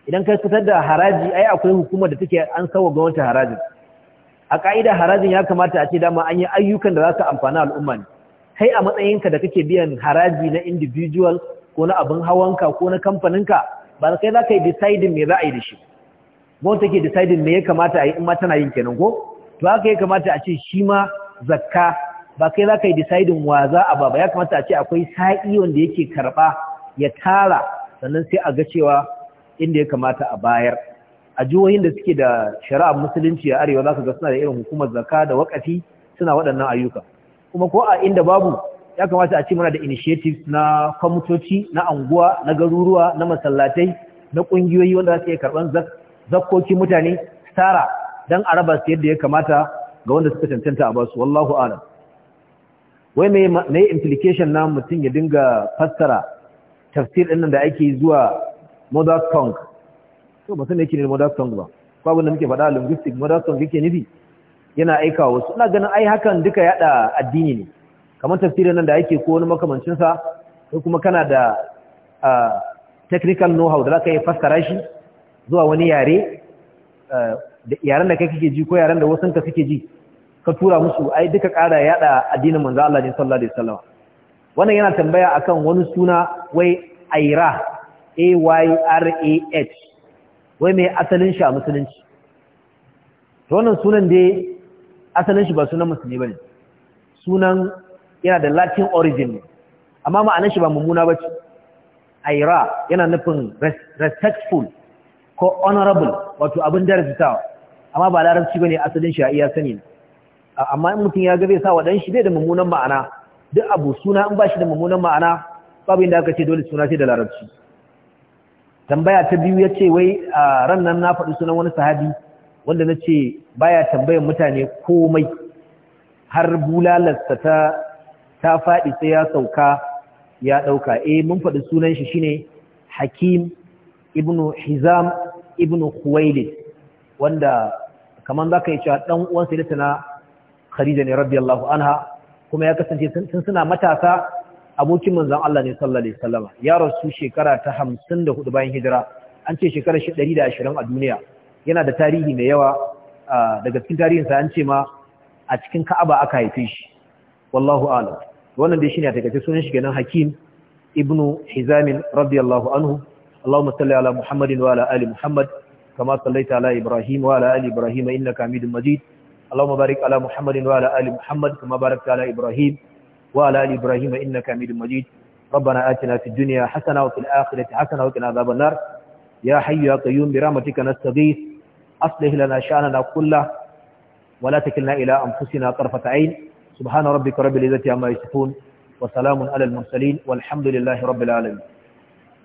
idan kai fitar da haraji ai akwai hukumar da take an sawa gwamnati haraji a ka'idar harajin ya kamata a ce dama an yi ayyukan da za su amfana al'umma ne kai a matsayinka da kake biyan haraji na individual ko na abin hawanka ko na kamfaninka ba kai za ka yi deciding me za a yi da shi gwamnati take deciding me ya kamata a in ma tana yin kenan ko to haka ya kamata a ce shi ma zakka ba kai za ka yi deciding wa za a ba ya kamata a ce akwai sa'i wanda yake karɓa ya tara sannan sai a ga cewa inda ya kamata a bayar a jihohin da suke da shari'ar musulunci a arewa za ka ga suna da irin hukumar zakka da wakafi suna waɗannan ayyuka kuma ko a inda babu ya kamata a ce muna da initiatives na kwamitoci na anguwa na garuruwa na masallatai na ƙungiyoyi wanda za su iya karɓar zakka zakkoki mutane tara dan a su yadda ya kamata ga wanda suka cancanta a basu wallahu alam wai me me implication na mutum ya dinga fassara tafsir din nan da ake zuwa modern tongue to ba ne yake ne modern tongue ba ko abin muke faɗa linguistic modern tongue yake nufi yana aika wasu ina ganin ai hakan duka yada addini ne kamar tafsirin nan da ake ko wani makamancin sa ko kuma kana da ah, technical know how da zaka yi fassara shi zuwa wani yare eh, yaren da kai kake ji ko yaren da wasu ka suke ji ka tura musu ai duka ƙara yada addinin manzo Allah ne sallallahu alaihi wasallam wannan yana tambaya akan wani suna wai aira a y r a h wai mai asalin shi a musulunci To wannan sunan dai asalin shi ba sunan musulmi bane sunan yana da latin origin amma ma'anar shi ba mummuna bace aira yana nufin respectful ko honorable wato abin darajtawa amma ba larabci bane asalin shi a iya sani amma in mutum ya ga bai sa wa dan shi bai da mummunan ma'ana duk abu suna in ba shi da mummunan ma'ana babu inda aka ce dole suna ce da larabci tambaya ta biyu ya ce wai a ran nan na faɗi sunan wani sahabi wanda na ce baya tambayan mutane komai har bulalarsa ta ta faɗi sai ya sauka ya ɗauka eh mun faɗi sunan shi shine hakim ibnu hizam ibn Khuwailid wanda kaman zaka yi cewa dan uwan sayyidata na Khadija ne radiyallahu anha kuma ya kasance tun suna matasa abokin manzon Allah ne sallallahu alaihi wasallam ya rasu shekara ta 54 bayan hijira an ce shekara shi 120 a duniya yana da tarihi mai yawa daga cikin tarihinsa an ce ma a cikin Ka'aba aka haife shi wallahu a'lam wannan dai shine a takaice sunan shi kenan Hakim ibnu Hizamin radiyallahu anhu اللهم صل على محمد وعلى آل محمد كما صليت على إبراهيم وعلى آل إبراهيم إنك حميد مجيد اللهم بارك على محمد وعلى آل محمد كما باركت على إبراهيم وعلى آل إبراهيم إنك حميد مجيد ربنا آتنا في الدنيا حسنة وفي الآخرة حسنة وقنا عذاب النار يا حي يا قيوم برحمتك نستغيث أصلح لنا شأننا كله ولا تكلنا إلى أنفسنا طرفة عين سبحان ربك رب العزة عما يصفون وسلام على المرسلين والحمد لله رب العالمين